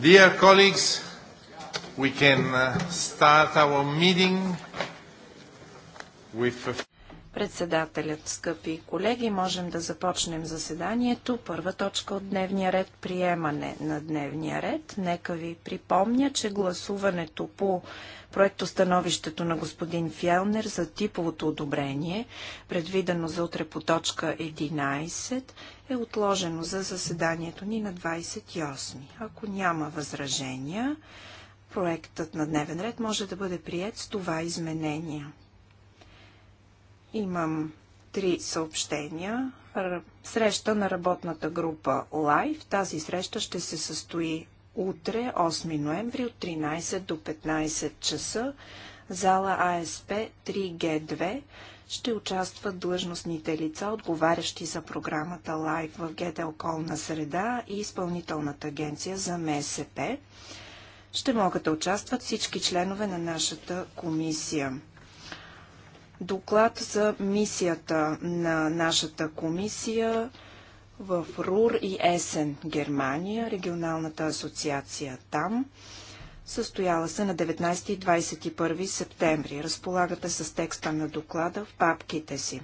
Dear colleagues, we can start our meeting with Председателят, скъпи колеги, можем да започнем заседанието. Първа точка от дневния ред – приемане на дневния ред. Нека ви припомня, че гласуването по становището на господин Фелнер за типовото одобрение, предвидено за утре по точка 11, е отложено за заседанието ни на 28. Ако няма възражения, проектът на дневен ред може да бъде прият с това изменение. Имам три съобщения. Среща на работната група Live. Тази среща ще се състои утре, 8 ноември, от 13 до 15 часа. Зала АСП 3G2 ще участват длъжностните лица, отговарящи за програмата Live в ГД Околна среда и Изпълнителната агенция за МСП. Ще могат да участват всички членове на нашата комисия. Доклад за мисията на нашата комисия в Рур и Есен, Германия, регионалната асоциация там, състояла се на 19 и 21 септември. Разполагате с текста на доклада в папките си.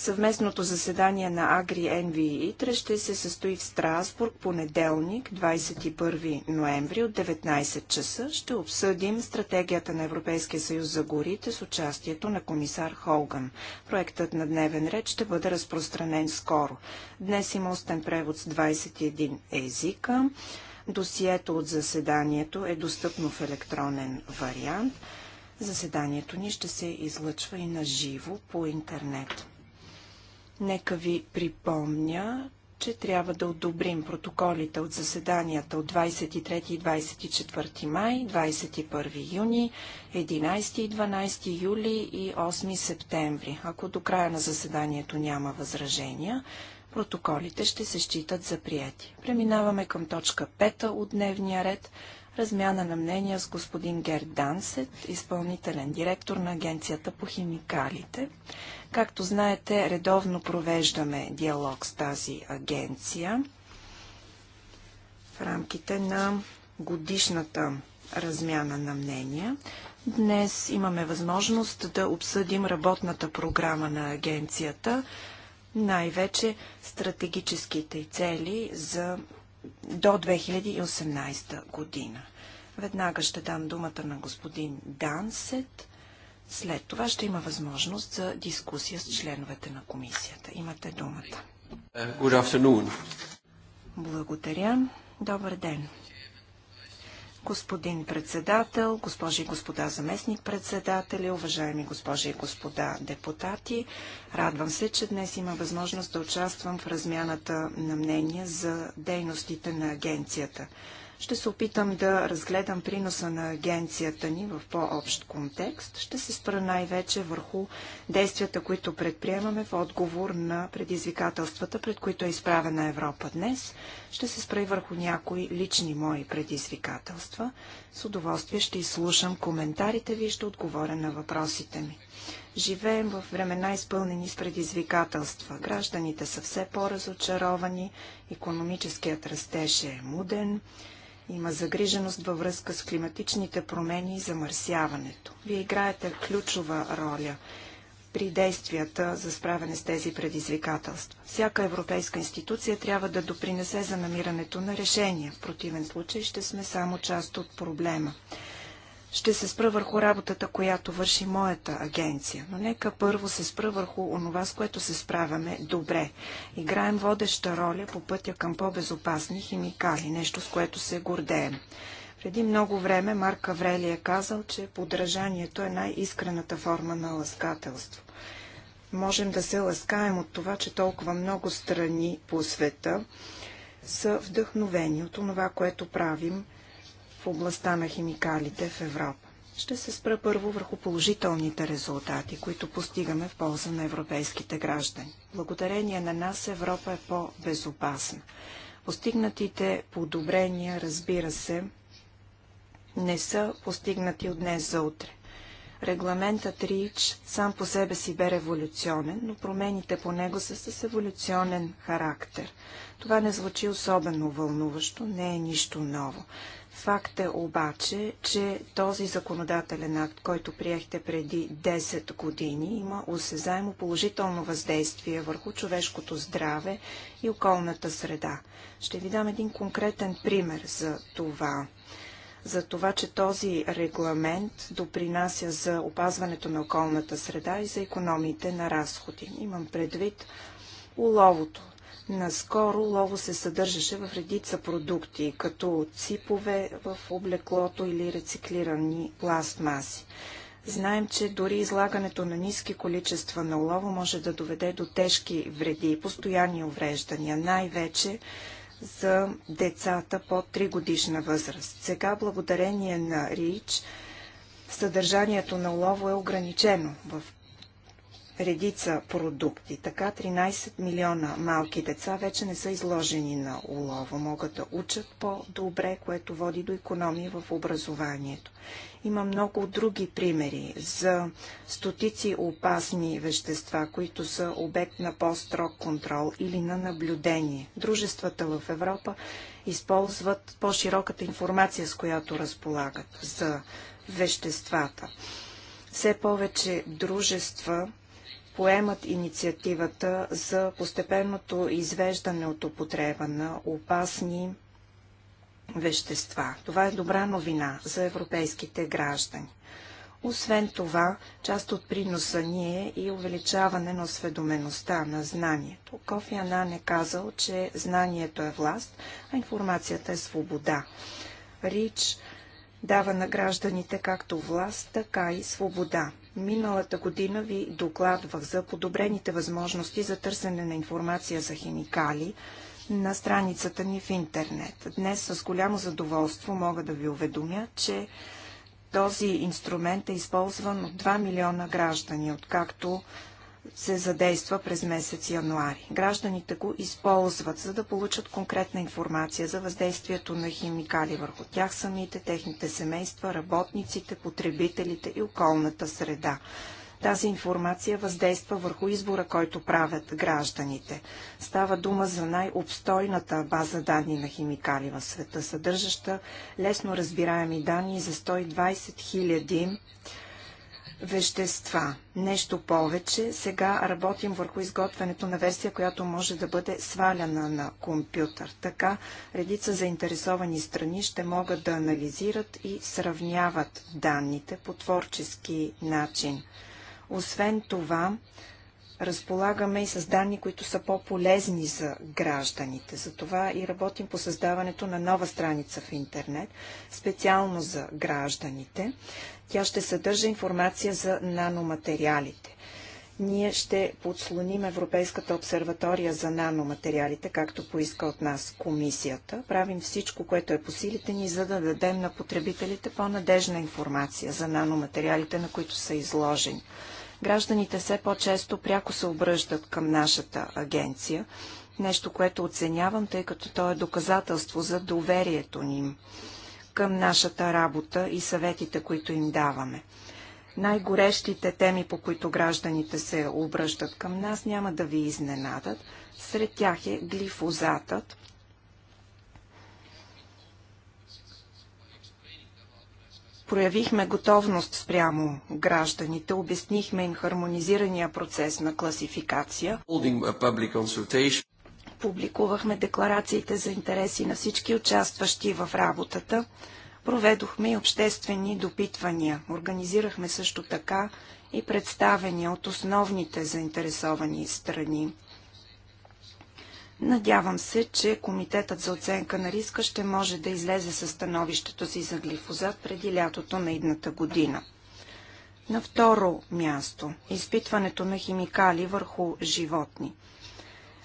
Съвместното заседание на Агри, Енви и Итре ще се състои в Страсбург понеделник, 21 ноември от 19 часа. Ще обсъдим стратегията на Европейския съюз за горите с участието на комисар Холган. Проектът на дневен ред ще бъде разпространен скоро. Днес има устен превод с 21 езика. Досието от заседанието е достъпно в електронен вариант. Заседанието ни ще се излъчва и на живо по интернет. Нека ви припомня, че трябва да одобрим протоколите от заседанията от 23 и 24 май, 21 юни, 11 и 12 юли и 8 септември. Ако до края на заседанието няма възражения, протоколите ще се считат за прияти. Преминаваме към точка 5 от дневния ред размяна на мнения с господин Герд Дансет, изпълнителен директор на Агенцията по химикалите. Както знаете, редовно провеждаме диалог с тази агенция в рамките на годишната размяна на мнения. Днес имаме възможност да обсъдим работната програма на агенцията, най-вече стратегическите цели за до 2018 година. Веднага ще дам думата на господин Дансет, след това ще има възможност за дискусия с членовете на комисията. Имате думата. Good afternoon. Благодаря. Добър ден. Господин председател, госпожи и господа заместник председатели, уважаеми госпожи и господа депутати, радвам се, че днес има възможност да участвам в размяната на мнения за дейностите на агенцията. Ще се опитам да разгледам приноса на агенцията ни в по-общ контекст. Ще се спра най-вече върху действията, които предприемаме в отговор на предизвикателствата, пред които е изправена Европа днес. Ще се спра и върху някои лични мои предизвикателства. С удоволствие ще изслушам коментарите ви и ще отговоря на въпросите ми. Живеем в времена изпълнени с предизвикателства. Гражданите са все по-разочаровани, економическият растеж е муден, има загриженост във връзка с климатичните промени и замърсяването. Вие играете ключова роля при действията за справяне с тези предизвикателства. Всяка европейска институция трябва да допринесе за намирането на решения. В противен случай ще сме само част от проблема. Ще се спра върху работата, която върши моята агенция, но нека първо се спра върху онова, с което се справяме добре. Играем водеща роля по пътя към по-безопасни химикали, нещо с което се гордеем. Преди много време Марк Аврели е казал, че подражанието е най-искрената форма на ласкателство. Можем да се ласкаем от това, че толкова много страни по света са вдъхновени от това, което правим – областта на химикалите в Европа. Ще се спра първо върху положителните резултати, които постигаме в полза на европейските граждани. Благодарение на нас Европа е по-безопасна. Постигнатите подобрения, разбира се, не са постигнати от днес за утре. Регламентът РИЧ сам по себе си бе революционен, но промените по него са с еволюционен характер. Това не звучи особено вълнуващо, не е нищо ново. Факт е обаче, че този законодателен акт, който приехте преди 10 години, има осезаемо положително въздействие върху човешкото здраве и околната среда. Ще ви дам един конкретен пример за това за това, че този регламент допринася за опазването на околната среда и за економите на разходи. Имам предвид уловото. Наскоро лово се съдържаше в редица продукти, като ципове в облеклото или рециклирани пластмаси. Знаем, че дори излагането на ниски количества на лово може да доведе до тежки вреди и постоянни увреждания, най-вече за децата под 3 годишна възраст. Сега, благодарение на РИЧ, съдържанието на лово е ограничено в редица продукти. Така 13 милиона малки деца вече не са изложени на улова, могат да учат по-добре, което води до економии в образованието. Има много други примери за стотици опасни вещества, които са обект на по-строг контрол или на наблюдение. Дружествата в Европа използват по-широката информация, с която разполагат за веществата все повече дружества поемат инициативата за постепенното извеждане от употреба на опасни вещества. Това е добра новина за европейските граждани. Освен това, част от приноса ни е и увеличаване на осведомеността на знанието. Кофи Анан е казал, че знанието е власт, а информацията е свобода. Рич дава на гражданите както власт, така и свобода. Миналата година ви докладвах за подобрените възможности за търсене на информация за химикали на страницата ни в интернет. Днес с голямо задоволство мога да ви уведомя, че този инструмент е използван от 2 милиона граждани, откакто се задейства през месец януари. Гражданите го използват, за да получат конкретна информация за въздействието на химикали върху тях самите, техните семейства, работниците, потребителите и околната среда. Тази информация въздейства върху избора, който правят гражданите. Става дума за най-обстойната база данни на химикали в света, съдържаща лесно разбираеми данни за 120 000 вещества. Нещо повече, сега работим върху изготвянето на версия, която може да бъде сваляна на компютър. Така редица заинтересовани страни ще могат да анализират и сравняват данните по творчески начин. Освен това, разполагаме и с данни, които са по-полезни за гражданите. Затова и работим по създаването на нова страница в интернет, специално за гражданите. Тя ще съдържа информация за наноматериалите. Ние ще подслоним Европейската обсерватория за наноматериалите, както поиска от нас комисията. Правим всичко, което е по силите ни, за да дадем на потребителите по-надежна информация за наноматериалите, на които са изложени гражданите все по-често пряко се обръщат към нашата агенция. Нещо, което оценявам, тъй като то е доказателство за доверието ни към нашата работа и съветите, които им даваме. Най-горещите теми, по които гражданите се обръщат към нас, няма да ви изненадат. Сред тях е глифозатът, проявихме готовност спрямо гражданите, обяснихме им хармонизирания процес на класификация. Публикувахме декларациите за интереси на всички участващи в работата. Проведохме и обществени допитвания. Организирахме също така и представения от основните заинтересовани страни. Надявам се, че Комитетът за оценка на риска ще може да излезе със становището си за глифозат преди лятото на идната година. На второ място – изпитването на химикали върху животни.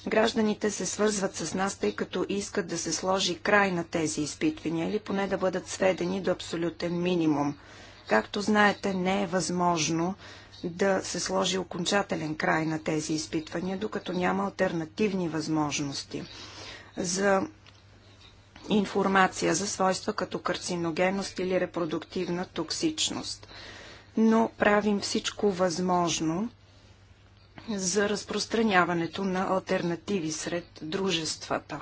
Гражданите се свързват с нас, тъй като искат да се сложи край на тези изпитвания или поне да бъдат сведени до абсолютен минимум. Както знаете, не е възможно да се сложи окончателен край на тези изпитвания, докато няма альтернативни възможности за информация за свойства като карциногенност или репродуктивна токсичност. Но правим всичко възможно за разпространяването на альтернативи сред дружествата.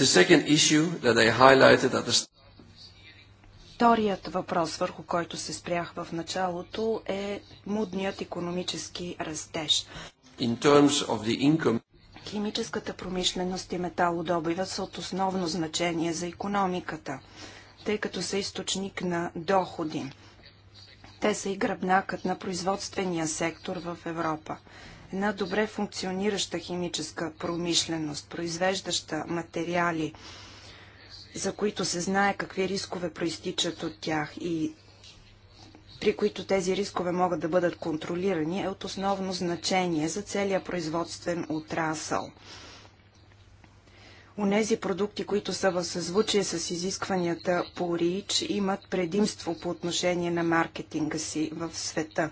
The second issue that I highlighted at the Вторият въпрос, върху който се спрях в началото, е мудният економически растеж. Income... Химическата промишленост и металодобивът са от основно значение за економиката, тъй като са източник на доходи. Те са и гръбнакът на производствения сектор в Европа. Една добре функционираща химическа промишленост, произвеждаща материали, за които се знае какви рискове проистичат от тях и при които тези рискове могат да бъдат контролирани, е от основно значение за целия производствен отрасъл. Унези продукти, които са в съзвучие с изискванията по РИЧ, имат предимство по отношение на маркетинга си в света.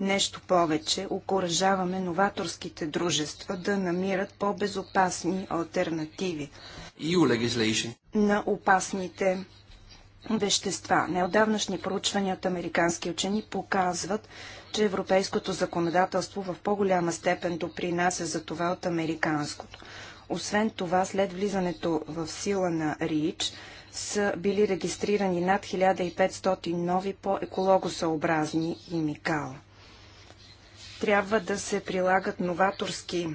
Нещо повече, окоръжаваме новаторските дружества да намират по-безопасни альтернативи на опасните вещества. Неодавнашни проучвания от американски учени показват, че европейското законодателство в по-голяма степен допринася за това от американското. Освен това, след влизането в сила на РИЧ, са били регистрирани над 1500 нови по-екологосъобразни химикала. Трябва да се прилагат новаторски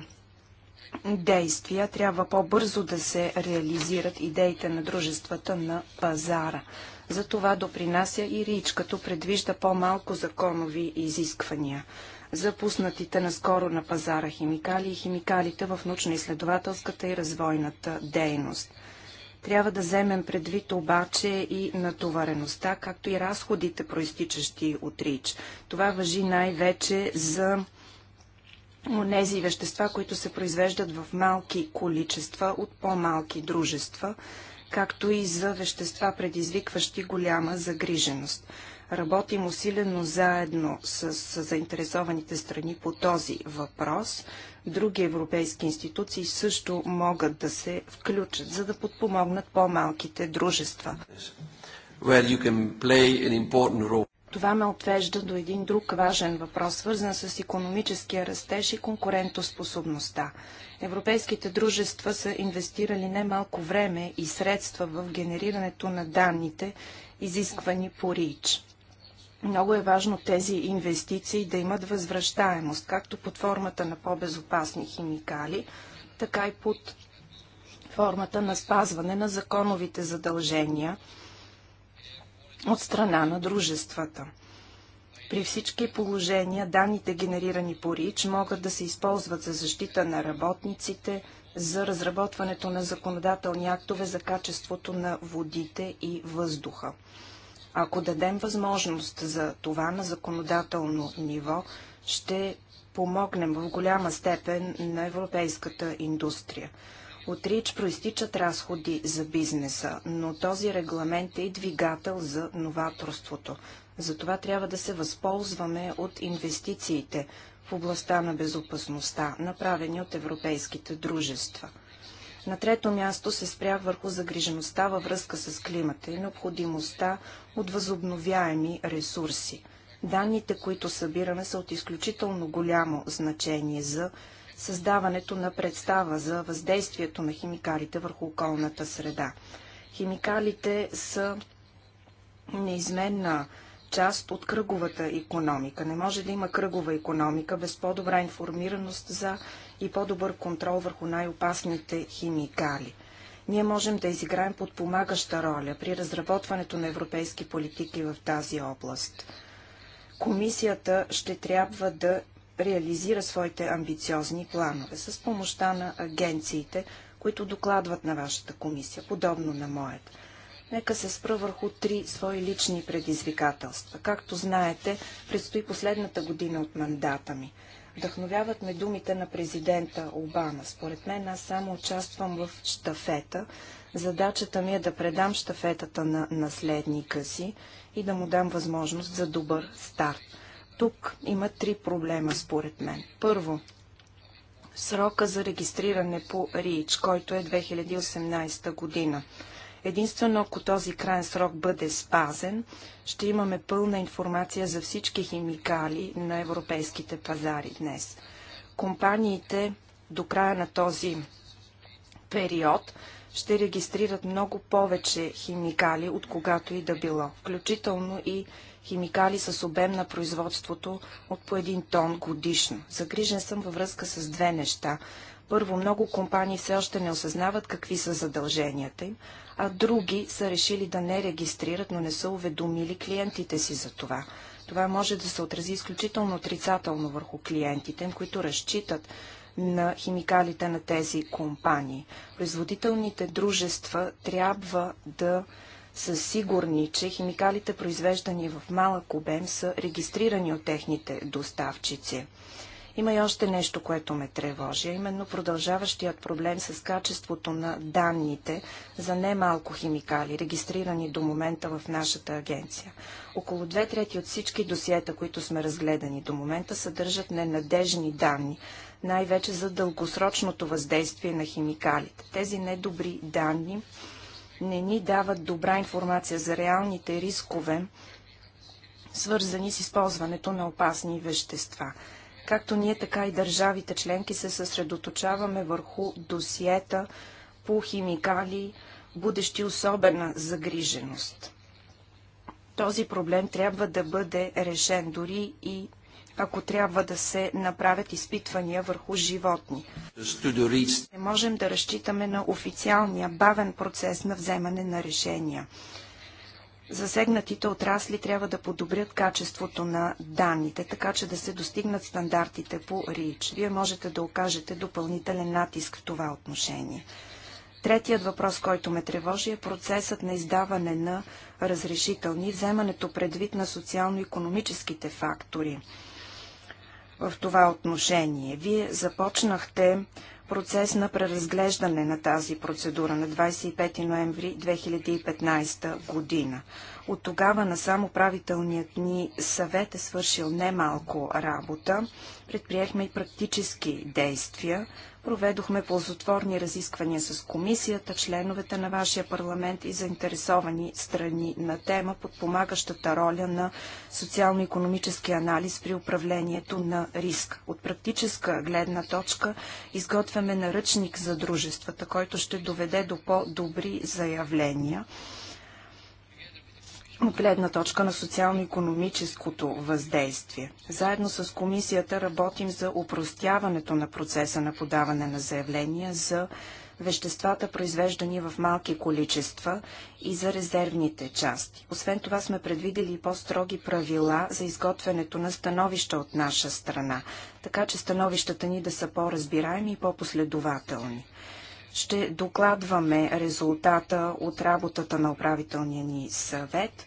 действия трябва по-бързо да се реализират идеите на дружествата на пазара. За това допринася и РИЧ, като предвижда по-малко законови изисквания запуснатите наскоро на пазара химикали и химикалите в научно-изследователската и развойната дейност. Трябва да вземем предвид обаче и натовареността, както и разходите, проистичащи от РИЧ. Това въжи най-вече за онези вещества, които се произвеждат в малки количества от по-малки дружества, както и за вещества, предизвикващи голяма загриженост. Работим усилено заедно с, заинтересованите страни по този въпрос. Други европейски институции също могат да се включат, за да подпомогнат по-малките дружества. Well, това ме отвежда до един друг важен въпрос, свързан с економическия растеж и конкурентоспособността. Европейските дружества са инвестирали немалко време и средства в генерирането на данните, изисквани по РИЧ. Много е важно тези инвестиции да имат възвръщаемост, както под формата на по-безопасни химикали, така и под формата на спазване на законовите задължения – от страна на дружествата. При всички положения данните генерирани по РИЧ могат да се използват за защита на работниците, за разработването на законодателни актове за качеството на водите и въздуха. Ако дадем възможност за това на законодателно ниво, ще помогнем в голяма степен на европейската индустрия. От РИЧ проистичат разходи за бизнеса, но този регламент е и двигател за новаторството. Затова трябва да се възползваме от инвестициите в областта на безопасността, направени от европейските дружества. На трето място се спрях върху загрижеността във връзка с климата и необходимостта от възобновяеми ресурси. Данните, които събираме, са от изключително голямо значение за създаването на представа за въздействието на химикалите върху околната среда. Химикалите са неизменна част от кръговата економика. Не може да има кръгова економика без по-добра информираност за и по-добър контрол върху най-опасните химикали. Ние можем да изиграем подпомагаща роля при разработването на европейски политики в тази област. Комисията ще трябва да реализира своите амбициозни планове с помощта на агенциите, които докладват на вашата комисия, подобно на моята. Нека се спра върху три свои лични предизвикателства. Както знаете, предстои последната година от мандата ми. Вдъхновяват ме думите на президента Обама. Според мен аз само участвам в штафета. Задачата ми е да предам штафетата на наследника си и да му дам възможност за добър старт. Тук има три проблема, според мен. Първо, срока за регистриране по РИЧ, който е 2018 година. Единствено, ако този крайен срок бъде спазен, ще имаме пълна информация за всички химикали на европейските пазари днес. Компаниите до края на този период ще регистрират много повече химикали, от когато и да било, включително и химикали с обем на производството от по един тон годишно. Загрижен съм във връзка с две неща. Първо, много компании все още не осъзнават какви са задълженията им, а други са решили да не регистрират, но не са уведомили клиентите си за това. Това може да се отрази изключително отрицателно върху клиентите които разчитат на химикалите на тези компании. Производителните дружества трябва да са сигурни, че химикалите, произвеждани в малък обем, са регистрирани от техните доставчици. Има и още нещо, което ме тревожи, а именно продължаващият проблем с качеството на данните за немалко химикали, регистрирани до момента в нашата агенция. Около две трети от всички досиета, които сме разгледани до момента, съдържат ненадежни данни, най-вече за дългосрочното въздействие на химикалите. Тези недобри данни не ни дават добра информация за реалните рискове, свързани с използването на опасни вещества. Както ние, така и държавите членки се съсредоточаваме върху досиета по химикали, будещи особена загриженост. Този проблем трябва да бъде решен дори и ако трябва да се направят изпитвания върху животни. Не можем да разчитаме на официалния бавен процес на вземане на решения. Засегнатите отрасли трябва да подобрят качеството на данните, така че да се достигнат стандартите по РИЧ. Вие можете да окажете допълнителен натиск в това отношение. Третият въпрос, който ме тревожи е процесът на издаване на разрешителни, вземането предвид на социално-економическите фактори в това отношение. Вие започнахте процес на преразглеждане на тази процедура на 25 ноември 2015 година. От тогава на само управителният ни съвет е свършил немалко работа. Предприехме и практически действия. Проведохме ползотворни разисквания с комисията, членовете на вашия парламент и заинтересовани страни на тема, подпомагащата роля на социално-економически анализ при управлението на риск. От практическа гледна точка изготвяме наръчник за дружествата, който ще доведе до по-добри заявления от гледна точка на социално-економическото въздействие. Заедно с комисията работим за упростяването на процеса на подаване на заявления за веществата, произвеждани в малки количества и за резервните части. Освен това сме предвидели и по-строги правила за изготвянето на становища от наша страна, така че становищата ни да са по-разбираеми и по-последователни. Ще докладваме резултата от работата на управителния ни съвет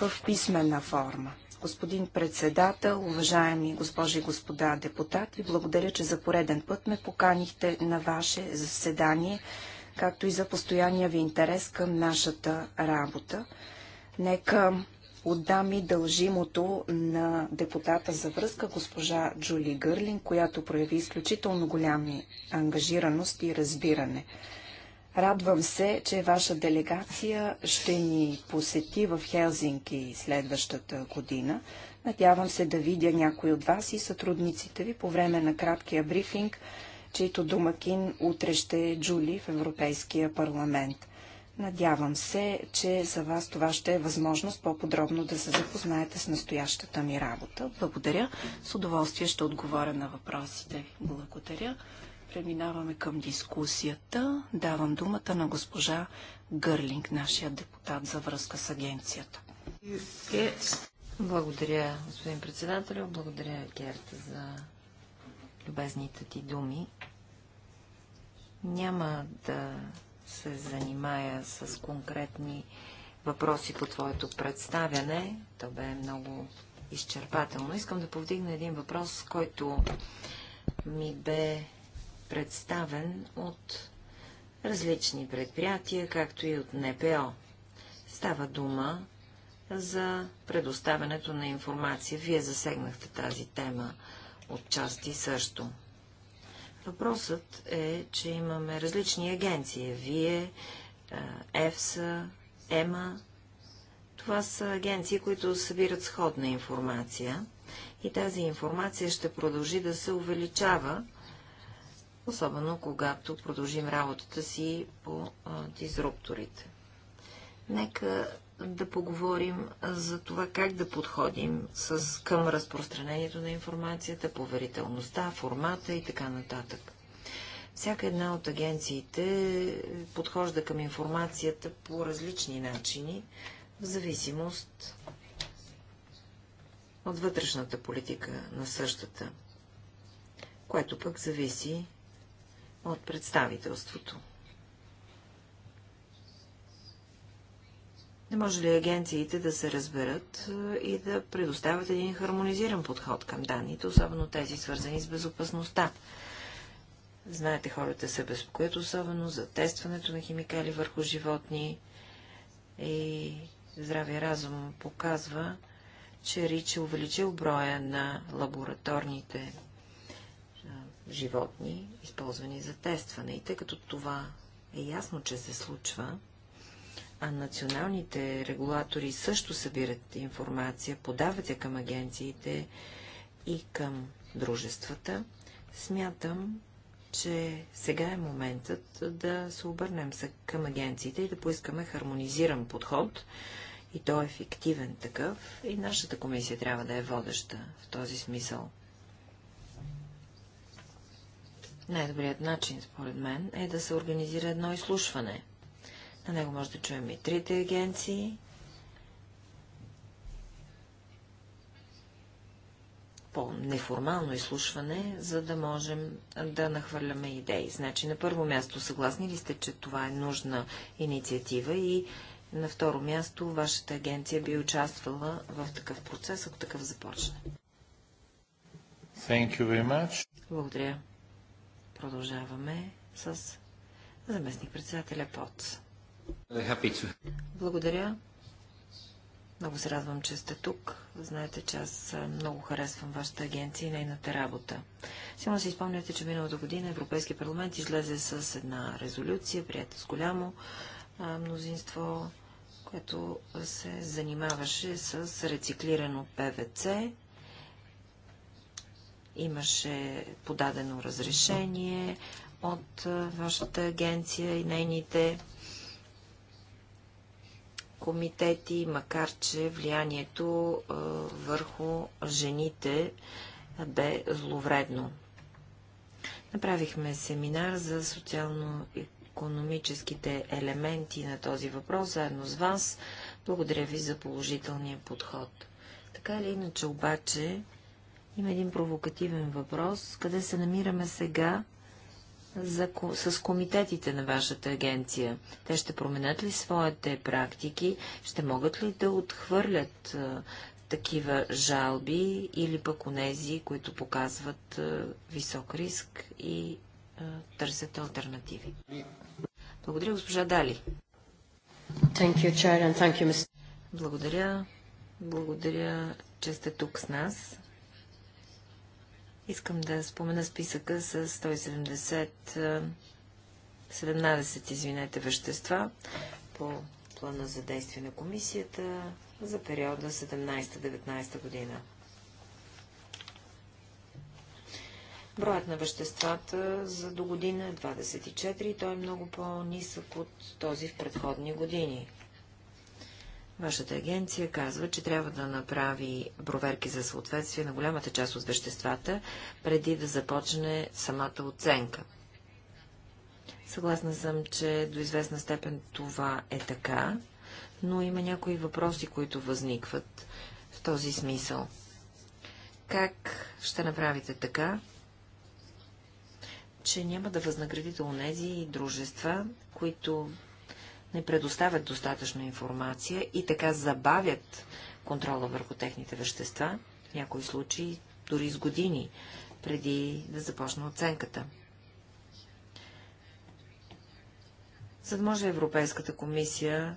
в писмена форма. Господин председател, уважаеми госпожи и господа депутати, благодаря, че за пореден път ме поканихте на ваше заседание, както и за постоянния ви интерес към нашата работа. Нека отдам и дължимото на депутата за връзка, госпожа Джули Гърлин, която прояви изключително голями ангажираност и разбиране. Радвам се, че ваша делегация ще ни посети в Хелзинки следващата година. Надявам се да видя някой от вас и сътрудниците ви по време на краткия брифинг, чийто домакин утре ще е Джули в Европейския парламент. Надявам се, че за вас това ще е възможност по-подробно да се запознаете с настоящата ми работа. Благодаря. С удоволствие ще отговоря на въпросите Благодаря. Преминаваме към дискусията. Давам думата на госпожа Гърлинг, нашия депутат за връзка с агенцията. Благодаря, господин председател, Благодаря, Герт, за любезните ти думи. Няма да се занимая с конкретни въпроси по твоето представяне. То бе много изчерпателно. Искам да повдигна един въпрос, който ми бе представен от различни предприятия, както и от НПО. Става дума за предоставянето на информация. Вие засегнахте тази тема отчасти също. Въпросът е, че имаме различни агенции. Вие, ЕФСА, ЕМА. Това са агенции, които събират сходна информация и тази информация ще продължи да се увеличава, особено когато продължим работата си по дизрупторите. Нека да поговорим за това как да подходим с, към разпространението на информацията, поверителността, формата и така нататък. Всяка една от агенциите подхожда към информацията по различни начини, в зависимост от вътрешната политика на същата, което пък зависи от представителството. Не може ли агенциите да се разберат е, и да предоставят един хармонизиран подход към данните, особено тези свързани с безопасността? Знаете, хората се безпокоят особено за тестването на химикали върху животни и здравия разум показва, че Рич е увеличил броя на лабораторните е, животни, използвани за тестване. И тъй като това е ясно, че се случва, а националните регулатори също събират информация, подават я към агенциите и към дружествата, смятам, че сега е моментът да се обърнем към агенциите и да поискаме хармонизиран подход, и то е ефективен такъв, и нашата комисия трябва да е водеща в този смисъл. Най-добрият начин, според мен, е да се организира едно изслушване – на него може да чуем и трите агенции. по-неформално изслушване, за да можем да нахвърляме идеи. Значи, на първо място, съгласни ли сте, че това е нужна инициатива и на второ място, вашата агенция би участвала в такъв процес, ако такъв започне? Thank you very much. Благодаря. Продължаваме с заместник-председателя Поц. Благодаря. Много се радвам, че сте тук. Знаете, че аз много харесвам вашата агенция и нейната работа. Сигурно си изпомняте, че миналата година Европейския парламент излезе с една резолюция, прията с голямо мнозинство, което се занимаваше с рециклирано ПВЦ. Имаше подадено разрешение от вашата агенция и нейните комитети, макар че влиянието върху жените бе зловредно. Направихме семинар за социално-економическите елементи на този въпрос заедно с вас. Благодаря ви за положителния подход. Така или иначе обаче има един провокативен въпрос. Къде се намираме сега за, с комитетите на вашата агенция? Те ще променят ли своите практики? Ще могат ли да отхвърлят а, такива жалби или пък онези, които показват а, висок риск и а, търсят альтернативи? Благодаря, госпожа Дали. Thank you, Chair, and thank you, Благодаря. Благодаря, че сте тук с нас. Искам да спомена списъка с 170, 17, извинете, вещества по плана за действие на комисията за периода 17-19 година. Броят на веществата за до година е 24 и той е много по-нисък от този в предходни години. Вашата агенция казва, че трябва да направи проверки за съответствие на голямата част от веществата, преди да започне самата оценка. Съгласна съм, че до известна степен това е така, но има някои въпроси, които възникват в този смисъл. Как ще направите така, че няма да възнаградите онези дружества, които не предоставят достатъчно информация и така забавят контрола върху техните вещества, в някои случаи дори с години, преди да започне оценката. За да може Европейската комисия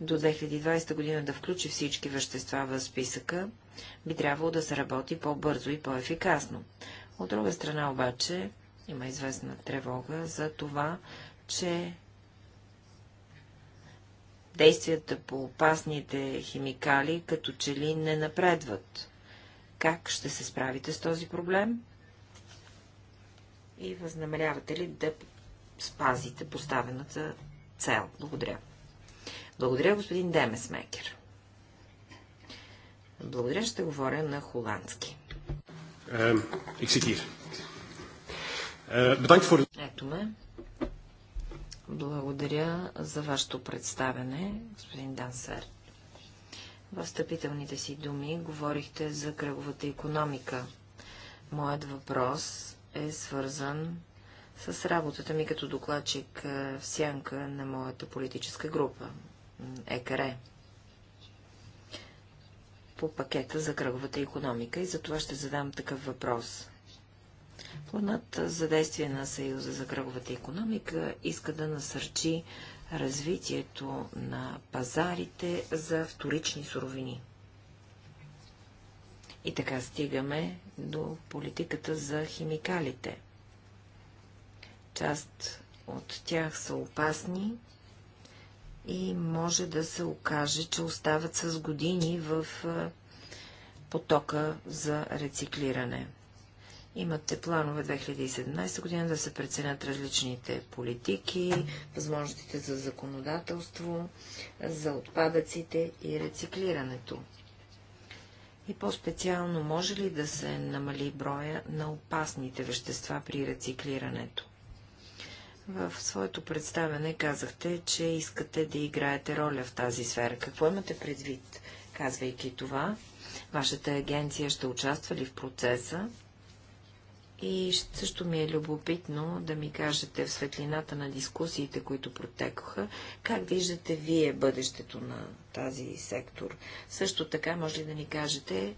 до 2020 година да включи всички вещества в списъка, би трябвало да се работи по-бързо и по-ефикасно. От друга страна обаче има известна тревога за това, че действията по опасните химикали като че ли не напредват. Как ще се справите с този проблем? И възнамерявате ли да спазите поставената цел? Благодаря. Благодаря, господин Демесмекер. Благодаря, ще говоря на холандски. Ето ме. Благодаря за вашето представене, господин Дансер. В стъпителните си думи говорихте за кръговата економика. Моят въпрос е свързан с работата ми като докладчик е, в сянка на моята политическа група ЕКРЕ по пакета за кръговата економика и за това ще задам такъв въпрос. Планът за действие на Съюза за кръговата економика иска да насърчи развитието на пазарите за вторични суровини. И така стигаме до политиката за химикалите. Част от тях са опасни и може да се окаже, че остават с години в потока за рециклиране. Имате планове 2017 година да се преценят различните политики, възможностите за законодателство, за отпадъците и рециклирането. И по-специално, може ли да се намали броя на опасните вещества при рециклирането? В своето представене, казахте, че искате да играете роля в тази сфера. Какво имате предвид, казвайки това? Вашата агенция ще участва ли в процеса? И също ми е любопитно да ми кажете в светлината на дискусиите, които протекоха, как виждате вие бъдещето на тази сектор. Също така може ли да ни кажете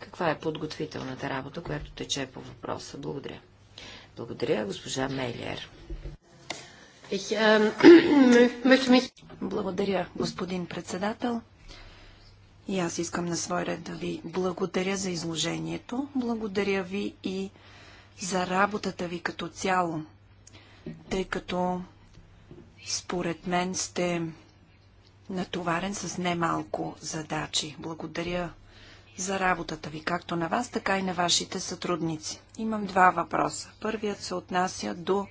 каква е подготвителната работа, която тече по въпроса. Благодаря. Благодаря, госпожа Мейлер. Ähm, благодаря, господин председател. И аз искам на свой ред да ви благодаря за изложението. Благодаря ви и за работата ви като цяло, тъй като според мен сте натоварен с немалко задачи. Благодаря за работата ви, както на вас, така и на вашите сътрудници. Имам два въпроса. Първият се отнася до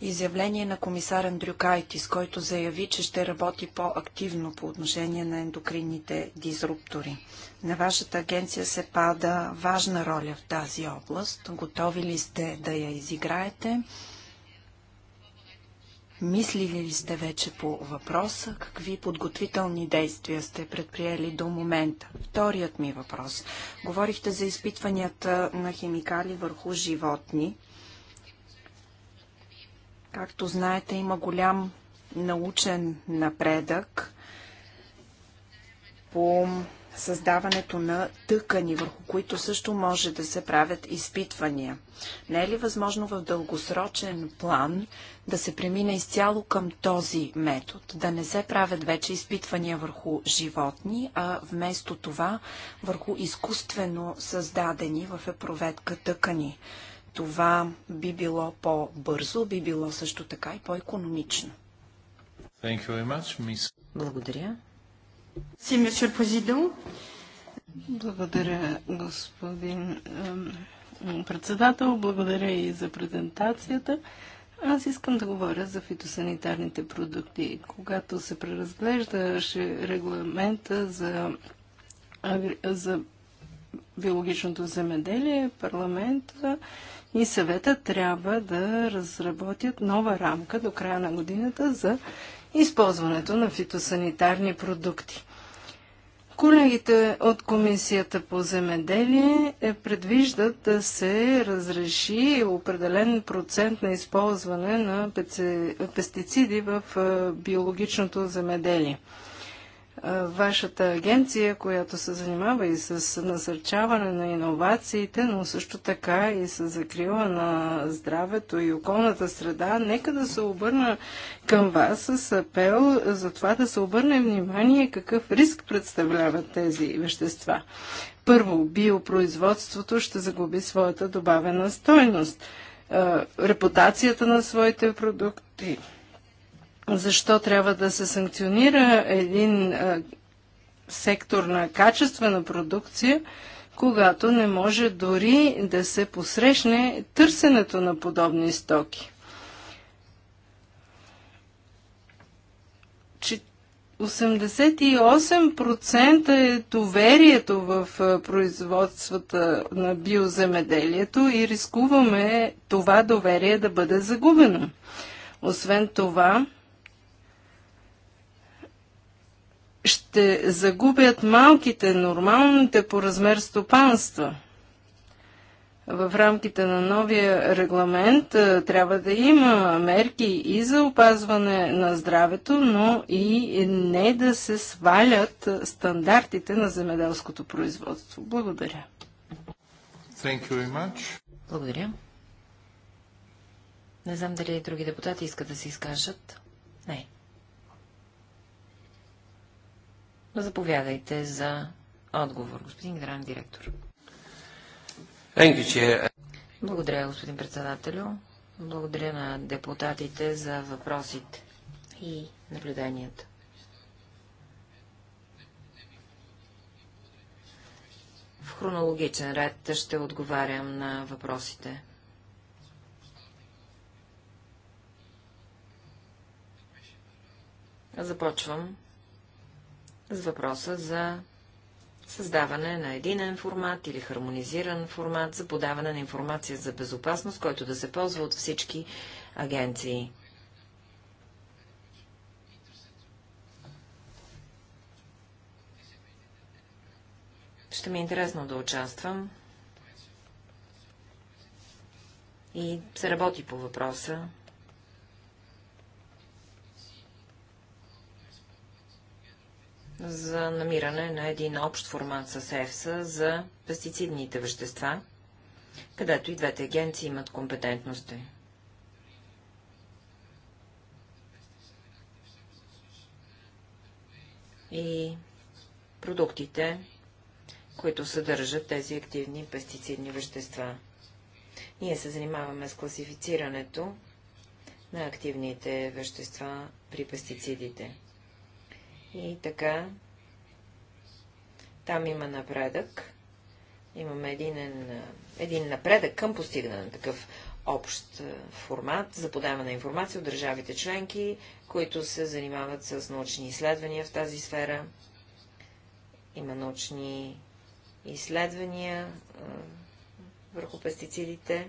изявление на комисар Андрюкайтис, който заяви, че ще работи по-активно по отношение на ендокринните дизруптори. На вашата агенция се пада важна роля в тази област. Готови ли сте да я изиграете? Мислили ли сте вече по въпроса? Какви подготвителни действия сте предприели до момента? Вторият ми въпрос. Говорихте за изпитванията на химикали върху животни. Както знаете, има голям научен напредък по създаването на тъкани, върху които също може да се правят изпитвания. Не е ли възможно в дългосрочен план да се премине изцяло към този метод, да не се правят вече изпитвания върху животни, а вместо това върху изкуствено създадени в епроветка тъкани? Това би било по-бързо, би било също така и по-економично. Благодаря. Благодаря, господин председател. Благодаря и за презентацията. Аз искам да говоря за фитосанитарните продукти. Когато се преразглеждаше регламента за, за биологичното земеделие, парламента и съвета трябва да разработят нова рамка до края на годината за използването на фитосанитарни продукти. Колегите от Комисията по земеделие е, предвиждат да се разреши определен процент на използване на пестициди в е, биологичното земеделие вашата агенция, която се занимава и с насърчаване на иновациите, но също така и с закрила на здравето и околната среда, нека да се обърна към вас с апел за това да се обърне внимание какъв риск представляват тези вещества. Първо, биопроизводството ще загуби своята добавена стойност, репутацията на своите продукти – защо трябва да се санкционира един а, сектор на качествена продукция, когато не може дори да се посрещне търсенето на подобни стоки. Че 88% е доверието в производствата на биоземеделието и рискуваме това доверие да бъде загубено. Освен това, ще загубят малките, нормалните по размер стопанства. В рамките на новия регламент трябва да има мерки и за опазване на здравето, но и не да се свалят стандартите на земеделското производство. Благодаря. Thank you very much. Благодаря. Не знам дали и други депутати искат да се изкажат. Не. Заповядайте за отговор, господин генерален директор. Благодаря, господин председателю. Благодаря на депутатите за въпросите и наблюденията. В хронологичен ред ще отговарям на въпросите. Започвам с въпроса за създаване на единен формат или хармонизиран формат за подаване на информация за безопасност, който да се ползва от всички агенции. Ще ми е интересно да участвам. И се работи по въпроса. за намиране на един общ формат с ЕФСА за пестицидните вещества, където и двете агенции имат компетентности. И продуктите, които съдържат тези активни пестицидни вещества. Ние се занимаваме с класифицирането на активните вещества при пестицидите. И така, там има напредък. Имаме един, е, един напредък към постигане на такъв общ е, формат за подаване на информация от държавите членки, които се занимават с научни изследвания в тази сфера. Има научни изследвания е, върху пестицидите.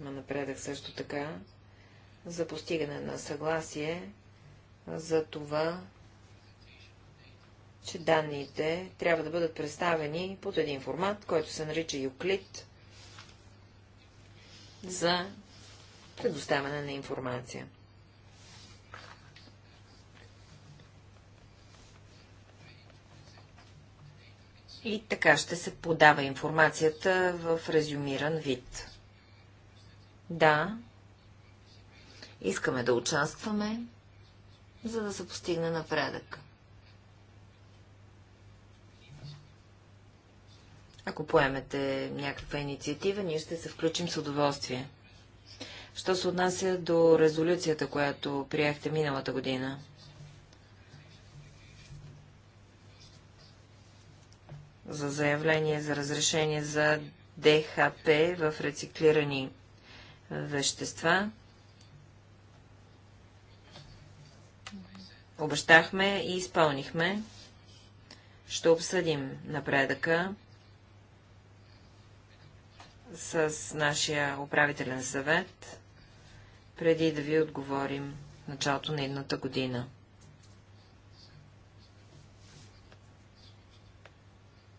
Има напредък също така за постигане на съгласие за това, че данните трябва да бъдат представени под един формат, който се нарича Юклид, за предоставяне на информация. И така ще се подава информацията в резюмиран вид. Да, Искаме да участваме, за да се постигне напредък. Ако поемете някаква инициатива, ние ще се включим с удоволствие. Що се отнася до резолюцията, която приехте миналата година? За заявление за разрешение за ДХП в рециклирани вещества. Обещахме и изпълнихме. Ще обсъдим напредъка с нашия управителен съвет, преди да ви отговорим в началото на едната година.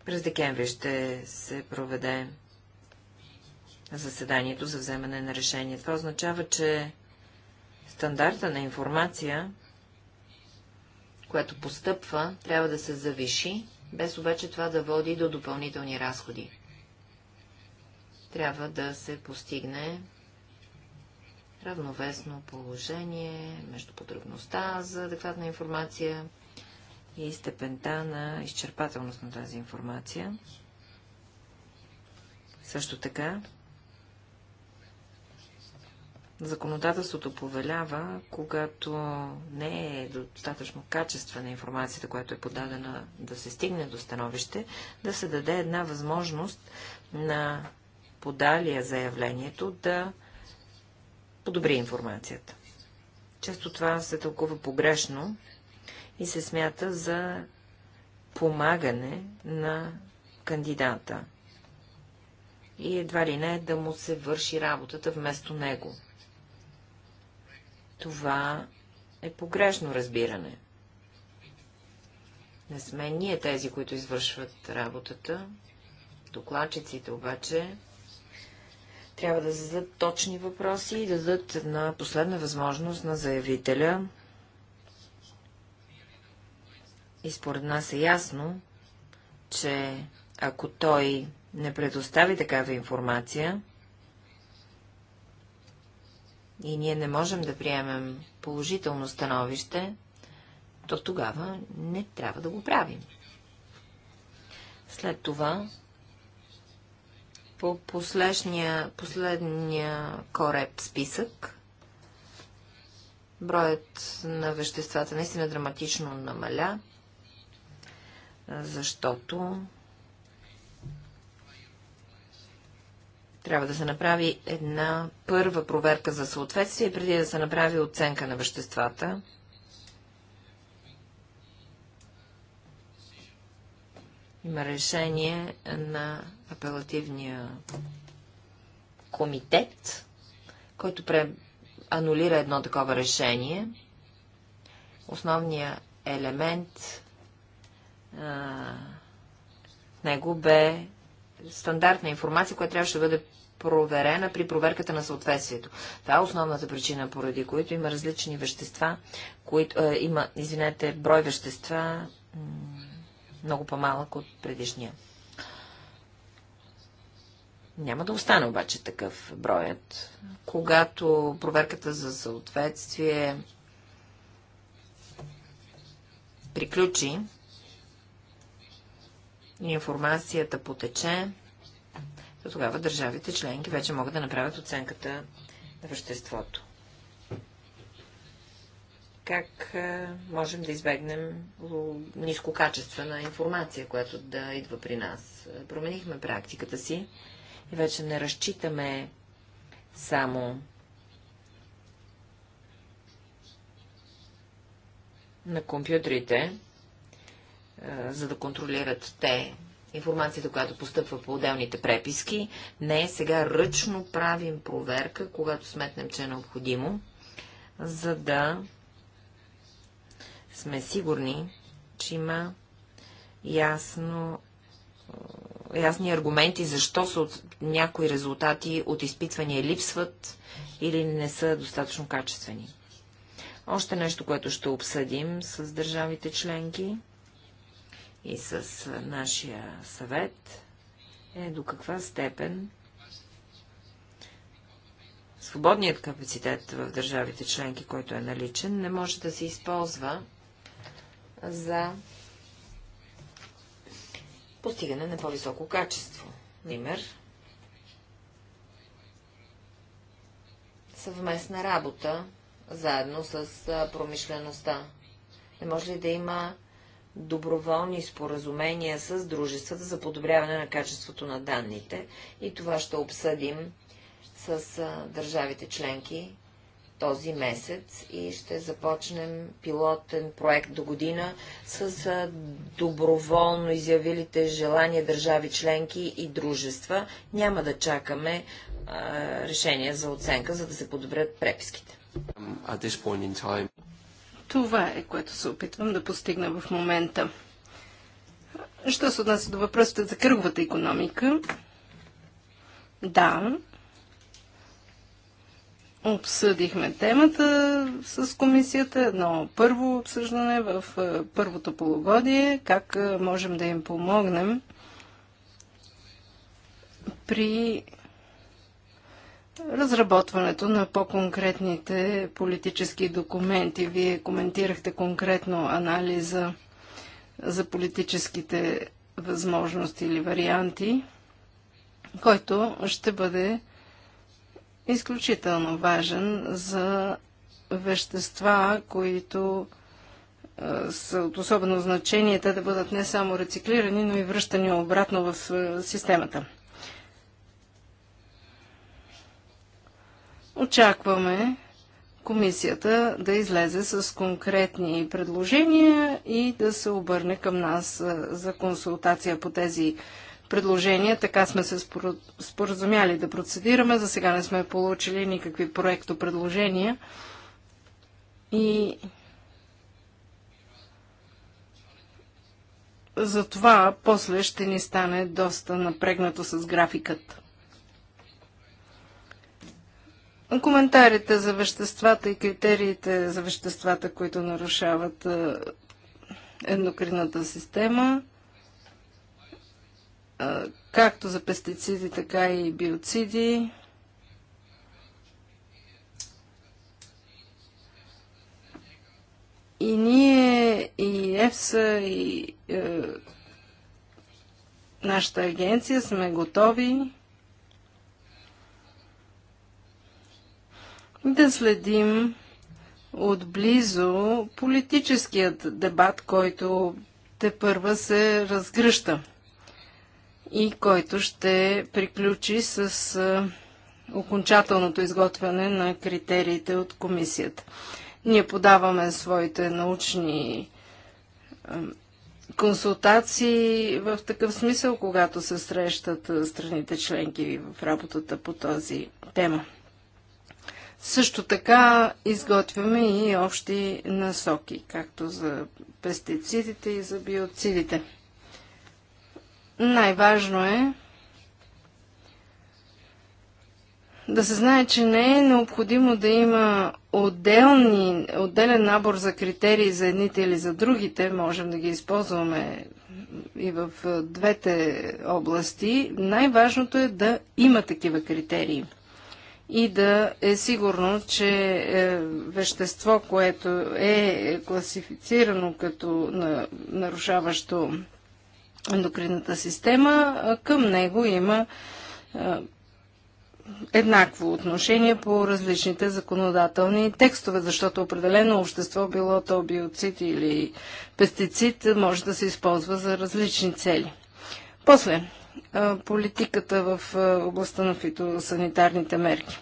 През декември ще се проведе заседанието за вземане на решение. Това означава, че стандарта на информация която постъпва, трябва да се завиши, без обаче това да води до допълнителни разходи. Трябва да се постигне равновесно положение между подробността за адекватна информация и степента на изчерпателност на тази информация. Също така Законодателството повелява, когато не е достатъчно качествена информацията, която е подадена да се стигне до становище, да се даде една възможност на подалия заявлението да подобри информацията. Често това се тълкува погрешно и се смята за помагане на кандидата и едва ли не да му се върши работата вместо него. Това е погрешно разбиране. Не сме ние тези, които извършват работата. Докладчиците обаче трябва да зададат точни въпроси и да дадат една последна възможност на заявителя. И според нас е ясно, че ако той не предостави такава информация, и ние не можем да приемем положително становище, то тогава не трябва да го правим. След това, по последния, последния кореп списък, броят на веществата наистина драматично намаля, защото Трябва да се направи една първа проверка за съответствие, преди да се направи оценка на веществата. Има решение на апелативния комитет, който анулира едно такова решение. Основният елемент а... него бе стандартна информация, която трябваше да бъде проверена при проверката на съответствието. Това е основната причина, поради които има различни вещества, които, е, има, извинете, брой вещества много по-малък от предишния. Няма да остане обаче такъв броят. Когато проверката за съответствие приключи, информацията потече, то тогава държавите членки вече могат да направят оценката на веществото. Как е, можем да избегнем нискокачествена информация, която да идва при нас? Променихме практиката си и вече не разчитаме само на компютрите, е, за да контролират те информацията, която постъпва по отделните преписки. Не, сега ръчно правим проверка, когато сметнем, че е необходимо, за да сме сигурни, че има ясно, е, ясни аргументи, защо са от някои резултати от изпитвания липсват или не са достатъчно качествени. Още нещо, което ще обсъдим с държавите членки и с нашия съвет е до каква степен свободният капацитет в държавите членки, който е наличен, не може да се използва за постигане на по-високо качество. Пример, съвместна работа заедно с промишлеността. Не може ли да има доброволни споразумения с дружествата за подобряване на качеството на данните. И това ще обсъдим с държавите членки този месец и ще започнем пилотен проект до година с доброволно изявилите желания държави членки и дружества. Няма да чакаме а, решение за оценка, за да се подобрят преписките. Това е, което се опитвам да постигна в момента. Що се отнася до въпросите за кръговата економика? Да, обсъдихме темата с комисията, едно първо обсъждане в е, първото полугодие, как е, можем да им помогнем при разработването на по-конкретните политически документи. Вие коментирахте конкретно анализа за политическите възможности или варианти, който ще бъде изключително важен за вещества, които е, са от особено значение те да бъдат не само рециклирани, но и връщани обратно в е, системата. Очакваме комисията да излезе с конкретни предложения и да се обърне към нас за консултация по тези предложения. Така сме се споразумяли да процедираме. За сега не сме получили никакви проекто предложения. И затова после ще ни стане доста напрегнато с графикът. коментарите за веществата и критериите за веществата, които нарушават еднокринната система, е, както за пестициди, така и биоциди. И ние, и ЕФСА, и е, нашата агенция сме готови да следим отблизо политическият дебат, който те първа се разгръща и който ще приключи с окончателното изготвяне на критериите от комисията. Ние подаваме своите научни консултации в такъв смисъл, когато се срещат страните членки в работата по този тема. Също така изготвяме и общи насоки, както за пестицидите и за биоцидите. Най-важно е да се знае, че не е необходимо да има отделни, отделен набор за критерии за едните или за другите. Можем да ги използваме и в е, двете области. Най-важното е да има такива критерии и да е сигурно, че е, вещество, което е класифицирано като нарушаващо ендокринната система, към него има еднакво отношение по различните законодателни текстове, защото определено общество, било то биоцид или пестицид, може да се използва за различни цели. После, политиката в областта на фитосанитарните мерки.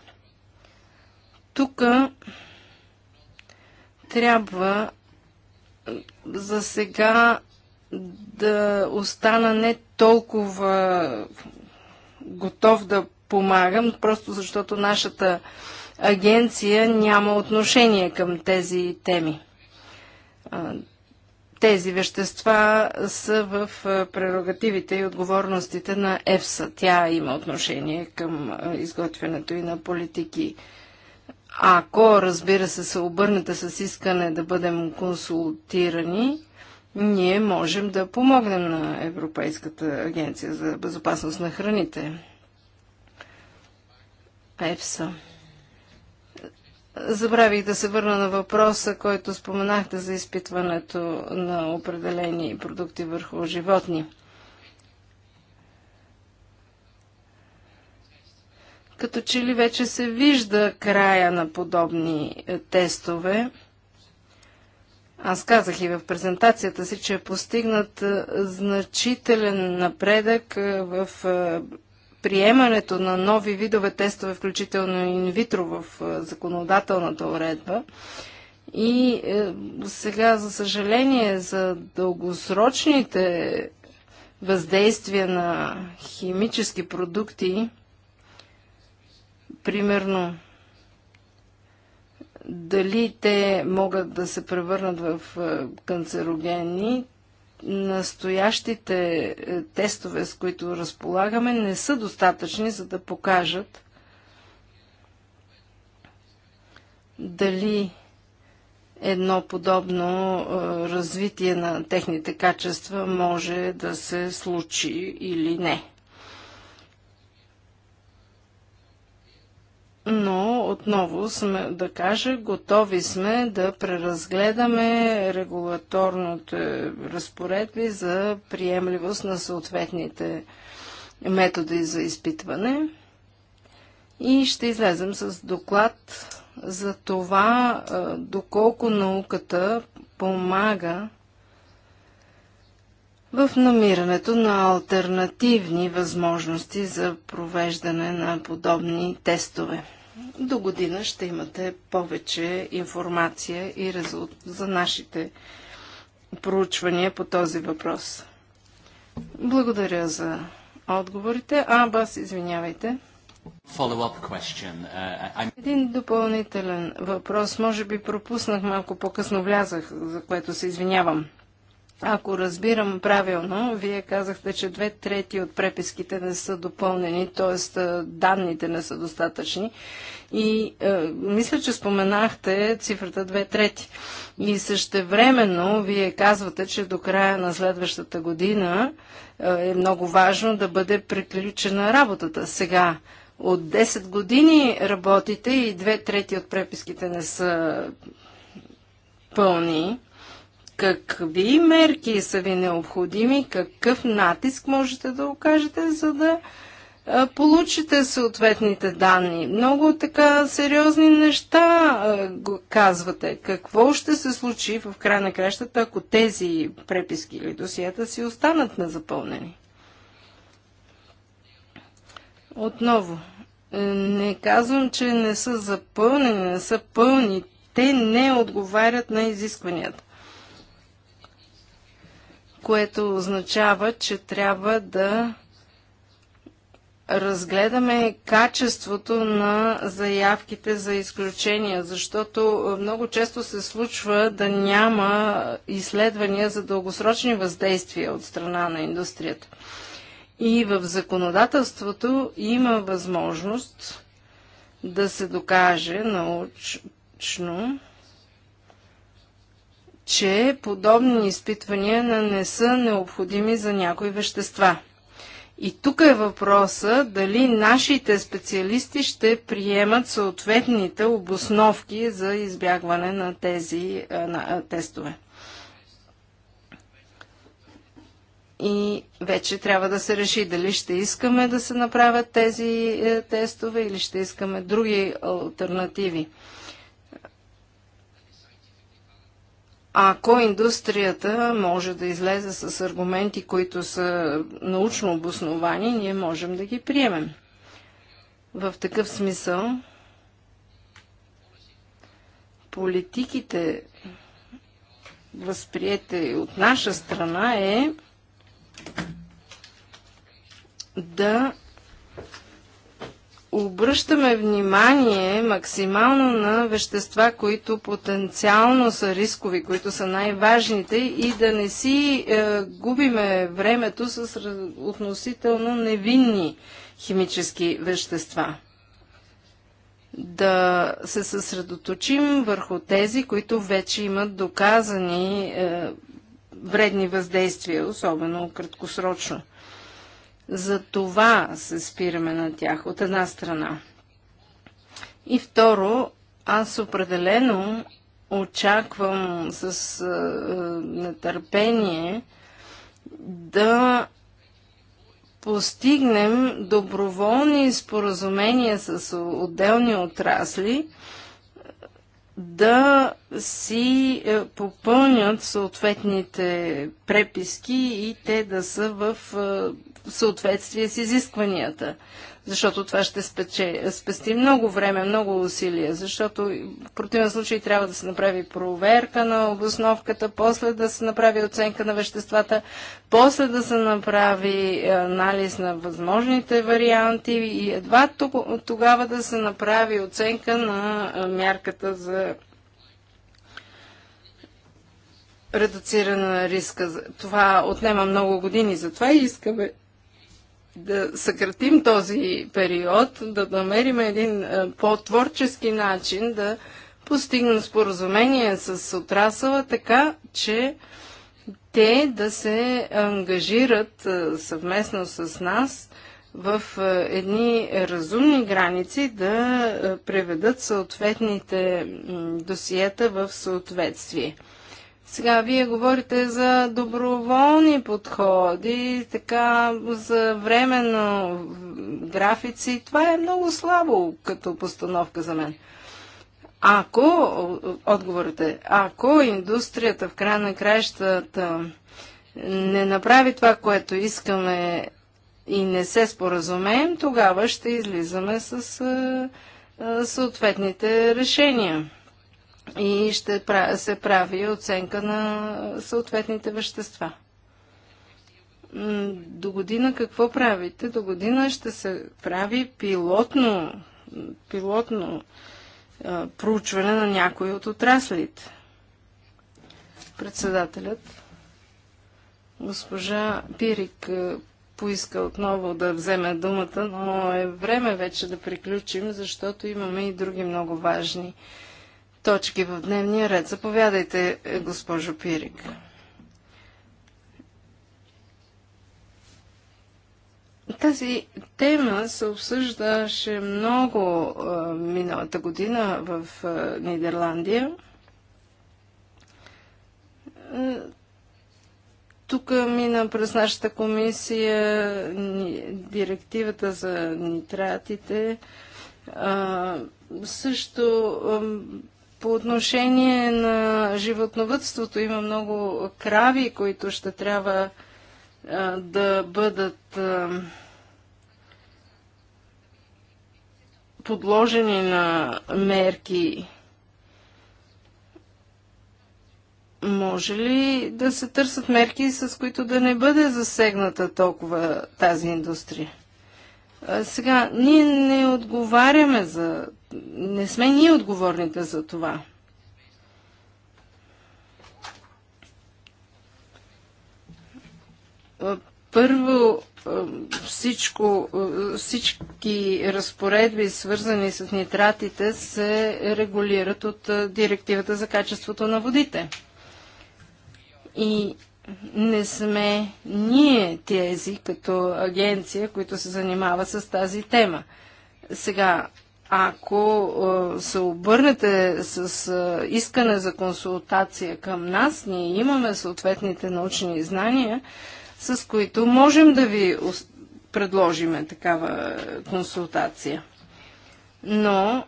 Тук трябва за сега да остана не толкова готов да помагам, просто защото нашата агенция няма отношение към тези теми. Тези вещества са в прерогативите и отговорностите на ЕФСА. Тя има отношение към изготвянето и на политики. Ако, разбира се, се обърнете с искане да бъдем консултирани, ние можем да помогнем на Европейската агенция за безопасност на храните. ЕФСА. Забравих да се върна на въпроса, който споменахте за изпитването на определени продукти върху животни. Като че ли вече се вижда края на подобни е, тестове. Аз казах и в презентацията си, че е постигнат е, значителен напредък е, в приемането на нови видове тестове, включително инвитро в законодателната уредба. И е, сега, за съжаление, за дългосрочните въздействия на химически продукти, примерно дали те могат да се превърнат в канцерогенни, настоящите е, тестове, с които разполагаме, не са достатъчни, за да покажат дали едно подобно е, развитие на техните качества може да се случи или не. но отново сме, да кажа, готови сме да преразгледаме регулаторните разпоредби за приемливост на съответните методи за изпитване и ще излезем с доклад за това доколко науката помага в намирането на альтернативни възможности за провеждане на подобни тестове. До година ще имате повече информация и резулт за нашите проучвания по този въпрос. Благодаря за отговорите. А, бас, извинявайте. Uh, Един допълнителен въпрос. Може би пропуснах малко по-късно влязах, за което се извинявам. Ако разбирам правилно, вие казахте, че две трети от преписките не са допълнени, т.е. Е, данните не са достатъчни. И е, мисля, че споменахте цифрата две трети. И същевременно вие казвате, че до края на следващата година е, е много важно да бъде приключена работата. Сега, от 10 години работите и две трети от преписките не са пълни. Какви мерки са ви необходими, какъв натиск можете да окажете, за да получите съответните данни. Много така сериозни неща казвате. Какво ще се случи в края на кращата, ако тези преписки или досията си останат незапълнени? Отново, е, не казвам, че не са запълнени, не са пълни. Те не отговарят на изискванията което означава, че трябва да разгледаме качеството на заявките за изключения, защото е, много често се случва да няма изследвания за дългосрочни въздействия от страна на индустрията. И в законодателството има възможност да се докаже научно, че подобни изпитвания не са необходими за някои вещества. И тук е въпроса дали нашите специалисти ще приемат съответните обосновки за избягване на тези на, тестове. И вече трябва да се реши дали ще искаме да се направят тези е, тестове или ще искаме други е, альтернативи. Ако индустрията може да излезе с аргументи, които са научно обосновани, ние можем да ги приемем. В такъв смисъл, политиките, възприете от наша страна, е да обръщаме внимание максимално на вещества, които потенциално са рискови, които са най-важните и да не си е, губиме времето с относително невинни химически вещества. Да се съсредоточим върху тези, които вече имат доказани е, вредни въздействия, особено краткосрочно. За това се спираме на тях, от една страна. И второ, аз определено очаквам с е, е нетърпение да постигнем доброволни споразумения с отделни отрасли, да си е, попълнят съответните преписки и те да са в е, съответствие с изискванията. Защото това ще спече, спести много време, много усилия. Защото в противен случай трябва да се направи проверка на обосновката, после да се направи оценка на веществата, после да се направи е, анализ на възможните варианти и едва тогава да се направи оценка на е, мярката за редуциране на риска. Това отнема много години, затова и искаме да съкратим този период, да намерим един е, по-творчески начин да постигнем споразумение с отрасъла, така че те да се ангажират е, съвместно с нас в е, едни разумни граници да преведат съответните досиета в съответствие. Сега вие говорите за доброволни подходи, така за временно графици. Това е много слабо като постановка за мен. Ако, отговорът е, ако индустрията в края на краищата не направи това, което искаме и не се споразумеем, тогава ще излизаме с е, е, съответните решения и ще се прави оценка на съответните вещества. До година какво правите? До година ще се прави пилотно, пилотно а, проучване на някои от отраслите. Председателят госпожа Пирик поиска отново да вземе думата, но е време вече да приключим, защото имаме и други много важни точки в дневния ред. Заповядайте, е, госпожо Пирик. Тази тема се обсъждаше много а, миналата година в а, Нидерландия. Тук мина през нашата комисия ни, директивата за нитратите. А, също по отношение на животновътството има много крави, които ще трябва да бъдат подложени на мерки. Може ли да се търсят мерки, с които да не бъде засегната толкова тази индустрия? сега, ние не отговаряме за не сме ние отговорните за това. Първо, всичко, всички разпоредби, свързани с нитратите, се регулират от директивата за качеството на водите. И не сме ние тези, като агенция, които се занимава с тази тема. Сега, ако се обърнете с искане за консултация към нас, ние имаме съответните научни знания, с които можем да ви предложиме такава консултация. Но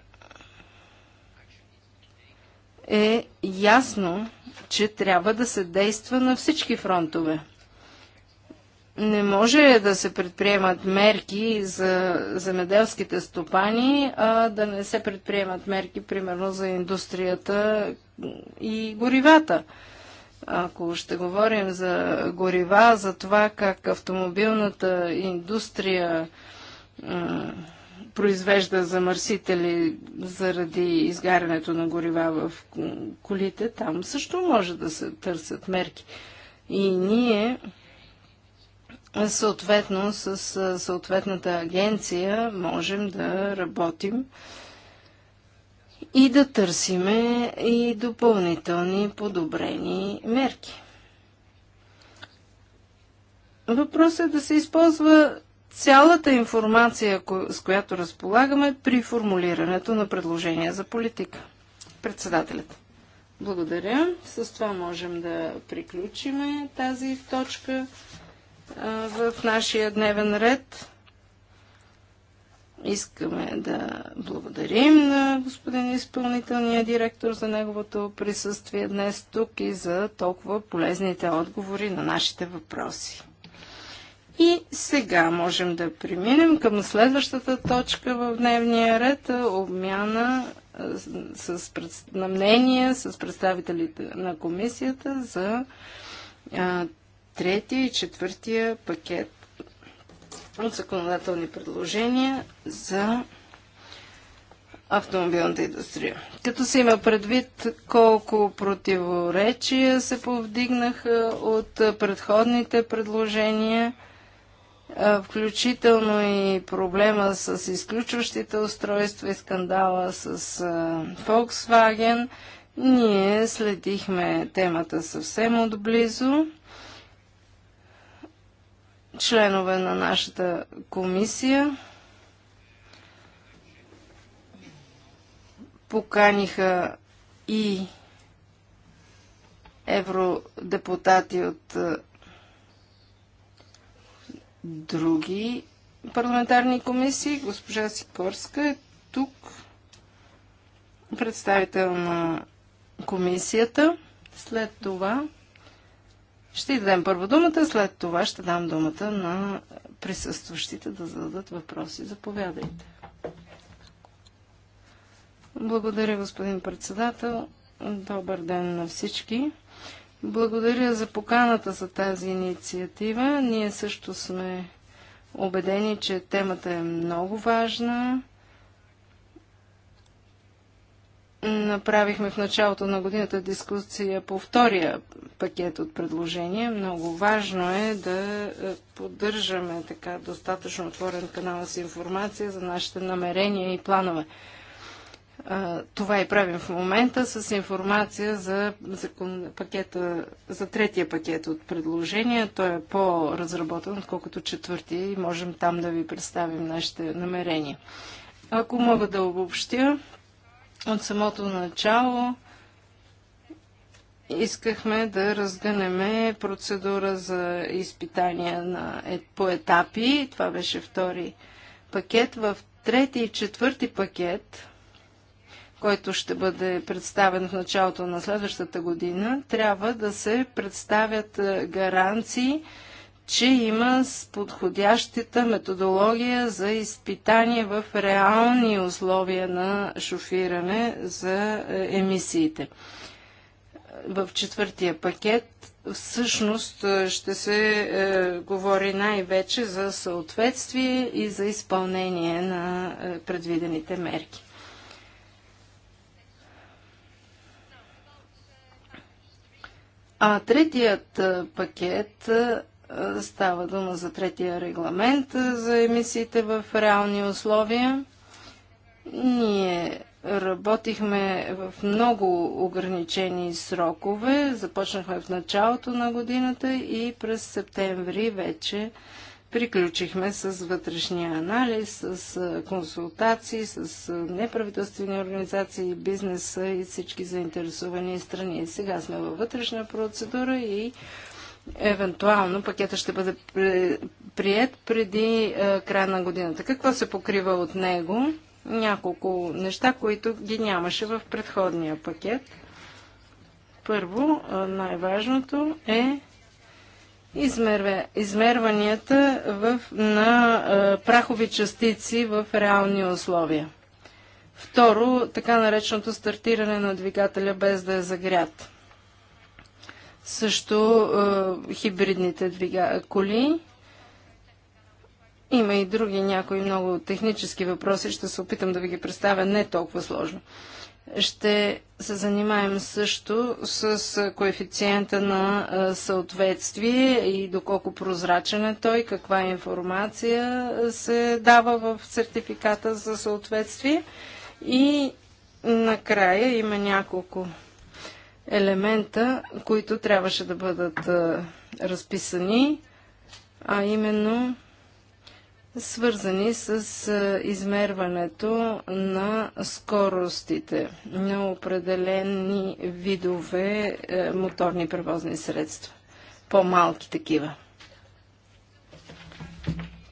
е ясно, че трябва да се действа на всички фронтове – не може да се предприемат мерки за земеделските стопани, а да не се предприемат мерки, примерно, за индустрията и горивата. Ако ще говорим за горива, за това как автомобилната индустрия произвежда замърсители заради изгарянето на горива в колите, там също може да се търсят мерки. И ние Съответно, с съответната агенция можем да работим и да търсиме и допълнителни подобрени мерки. Въпросът е да се използва цялата информация, с която разполагаме при формулирането на предложения за политика. Председателят. Благодаря. С това можем да приключим тази точка в нашия дневен ред. Искаме да благодарим на господин изпълнителния директор за неговото присъствие днес тук и за толкова полезните отговори на нашите въпроси. И сега можем да преминем към следващата точка в дневния ред обмяна с, на мнение с представителите на комисията за третия и четвъртия пакет от законодателни предложения за автомобилната индустрия. Като се има предвид колко противоречия се повдигнаха от предходните предложения, включително и проблема с изключващите устройства и скандала с Volkswagen, ние следихме темата съвсем отблизо членове на нашата комисия поканиха и евродепутати от е, други парламентарни комисии. Госпожа Сикорска е тук, представител на комисията. След това ще й дадем първо думата, след това ще дам думата на присъстващите да зададат въпроси. Заповядайте. Благодаря, господин председател. Добър ден на всички. Благодаря за поканата за тази инициатива. Ние също сме убедени, че темата е много важна Направихме в началото на годината дискусия по втория пакет от предложения. Много важно е да е, поддържаме така достатъчно отворен канал с информация за нашите намерения и планове. Това и правим в момента с информация за, за, пакета, за третия пакет от предложения. Той е по-разработен, отколкото четвърти и можем там да ви представим нашите намерения. Ако мога да обобщя, от самото начало искахме да разгънеме процедура за изпитания на, е, по етапи. Това беше втори пакет. В трети и четвърти пакет, който ще бъде представен в началото на следващата година, трябва да се представят гаранции че има подходящата методология за изпитание в реални условия на шофиране за е, емисиите. В четвъртия пакет всъщност е, ще се е, говори най-вече за съответствие и за изпълнение на е, предвидените мерки. А третият е, пакет е, става дума за третия регламент е, за емисиите в реални условия. Ние работихме в много ограничени срокове. Започнахме в началото на годината и през септември вече приключихме с вътрешния анализ, с е, консултации, с неправителствени организации, бизнеса и всички заинтересовани страни. Сега сме във вътрешна процедура и евентуално пакета ще бъде прият преди е, края на годината. Какво се покрива от него? Няколко неща, които ги нямаше в предходния пакет. Първо, е, най-важното е измерванията в, на е, прахови частици в реални условия. Второ, така нареченото стартиране на двигателя без да е загрят също е, хибридните двига... коли. Има и други някои много технически въпроси. Ще се опитам да ви ги представя не толкова сложно. Ще се занимаем също с е, коефициента на е, съответствие и доколко прозрачен е той, каква информация е, се дава в сертификата за съответствие. И накрая има няколко елемента, които трябваше да бъдат разписани, а именно свързани с измерването на скоростите на определени видове е, моторни превозни средства, по-малки такива.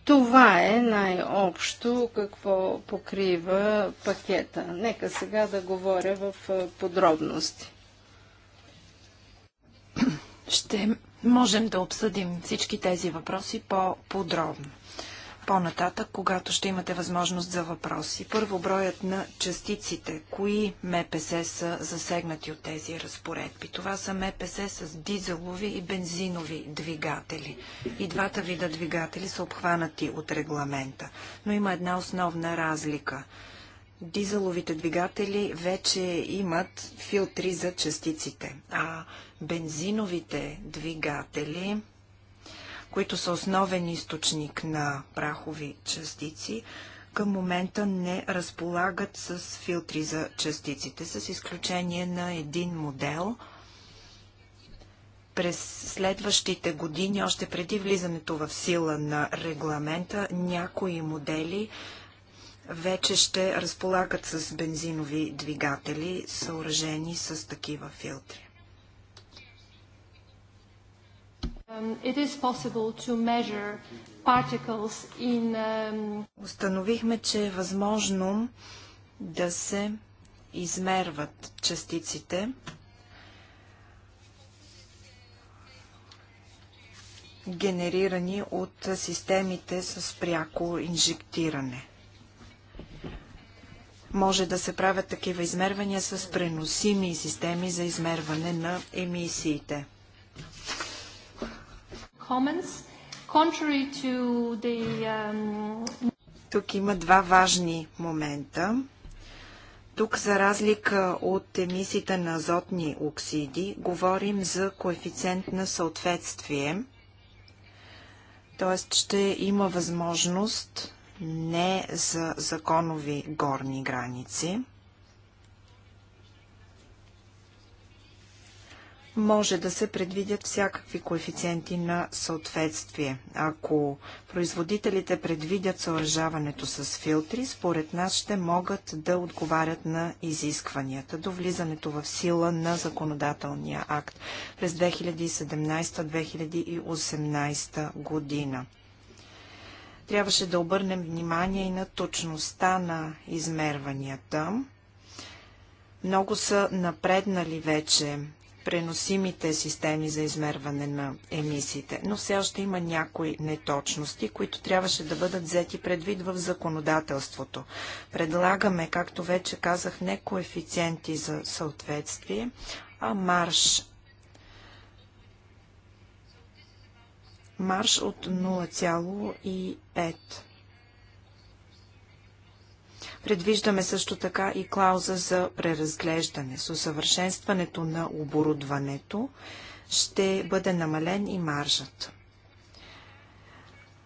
Това е най-общо какво покрива пакета. Нека сега да говоря в подробности ще можем да обсъдим всички тези въпроси по-подробно. По-нататък, когато ще имате възможност за въпроси. Първо броят на частиците. Кои МПС са засегнати от тези разпоредби? Това са МПС с дизелови и бензинови двигатели. И двата вида двигатели са обхванати от регламента. Но има една основна разлика – дизеловите двигатели вече имат филтри за частиците, а бензиновите двигатели, които са основен източник на прахови частици, към момента не разполагат с филтри за частиците, с изключение на един модел. През следващите години, още преди влизането в сила на регламента, някои модели вече ще разполагат с бензинови двигатели, съоръжени с такива филтри. Um, in... Um, Установихме, че е възможно да се измерват частиците. генерирани от системите с пряко инжектиране може да се правят такива измервания с преносими системи за измерване на емисиите. Um, Тук има два важни момента. Тук, за разлика от емисиите на азотни оксиди, говорим за коефициент на съответствие, т.е. ще има възможност не за законови горни граници. може да се предвидят всякакви коефициенти на съответствие. Ако производителите предвидят съоръжаването с филтри, според нас ще могат да отговарят на изискванията до влизането в сила на законодателния акт през 2017-2018 година. Трябваше да обърнем внимание и на точността на измерванията. Много са напреднали вече преносимите системи за измерване на емисиите, но все още има някои неточности, които трябваше да бъдат взети предвид в законодателството. Предлагаме, както вече казах, не коефициенти за съответствие, а марш марш от 0,5. Предвиждаме също така и клауза за преразглеждане. С усъвършенстването на оборудването ще бъде намален и маржът.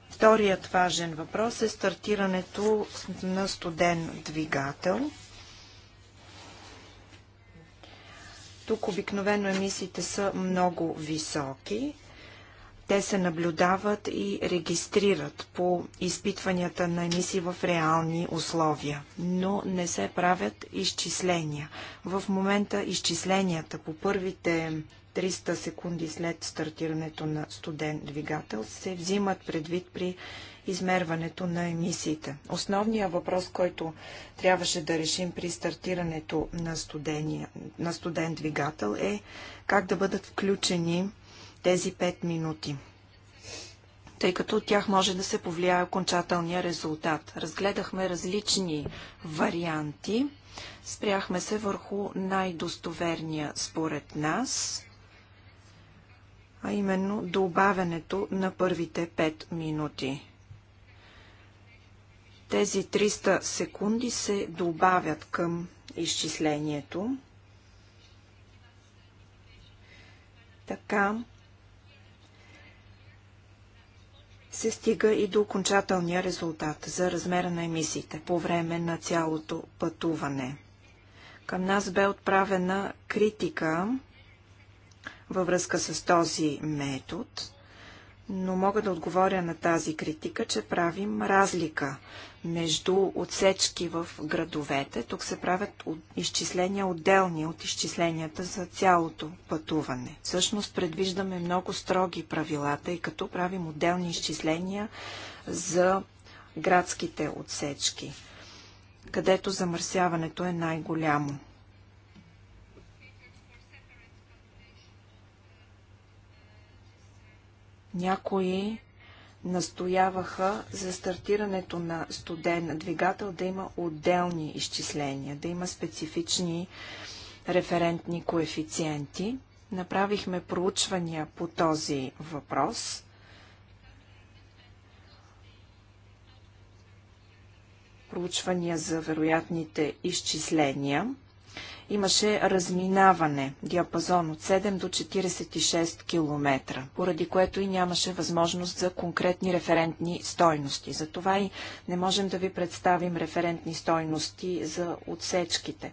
Вторият важен въпрос е стартирането на студен двигател. Тук обикновено емисиите са много високи. Те се наблюдават и регистрират по изпитванията на емисии в реални условия, но не се правят изчисления. В момента изчисленията по първите 300 секунди след стартирането на студен двигател се взимат предвид при измерването на емисиите. Основният въпрос, който трябваше да решим при стартирането на, студения, на студен двигател е как да бъдат включени тези 5 минути, тъй като от тях може да се повлияе окончателния резултат. Разгледахме различни варианти, спряхме се върху най-достоверния според нас, а именно добавянето на първите 5 минути тези 300 секунди се добавят към изчислението. Така се стига и до окончателния резултат за размера на емисиите по време на цялото пътуване. Към нас бе отправена критика във връзка с този метод но мога да отговоря на тази критика, че правим разлика между отсечки в градовете. Тук се правят изчисления отделни от изчисленията за цялото пътуване. Всъщност предвиждаме много строги правилата, и като правим отделни изчисления за градските отсечки, където замърсяването е най-голямо. Някои настояваха за стартирането на студен двигател да има отделни изчисления, да има специфични референтни коефициенти. Направихме проучвания по този въпрос. Проучвания за вероятните изчисления имаше разминаване, диапазон от 7 до 46 км, поради което и нямаше възможност за конкретни референтни стойности. Затова и не можем да ви представим референтни стойности за отсечките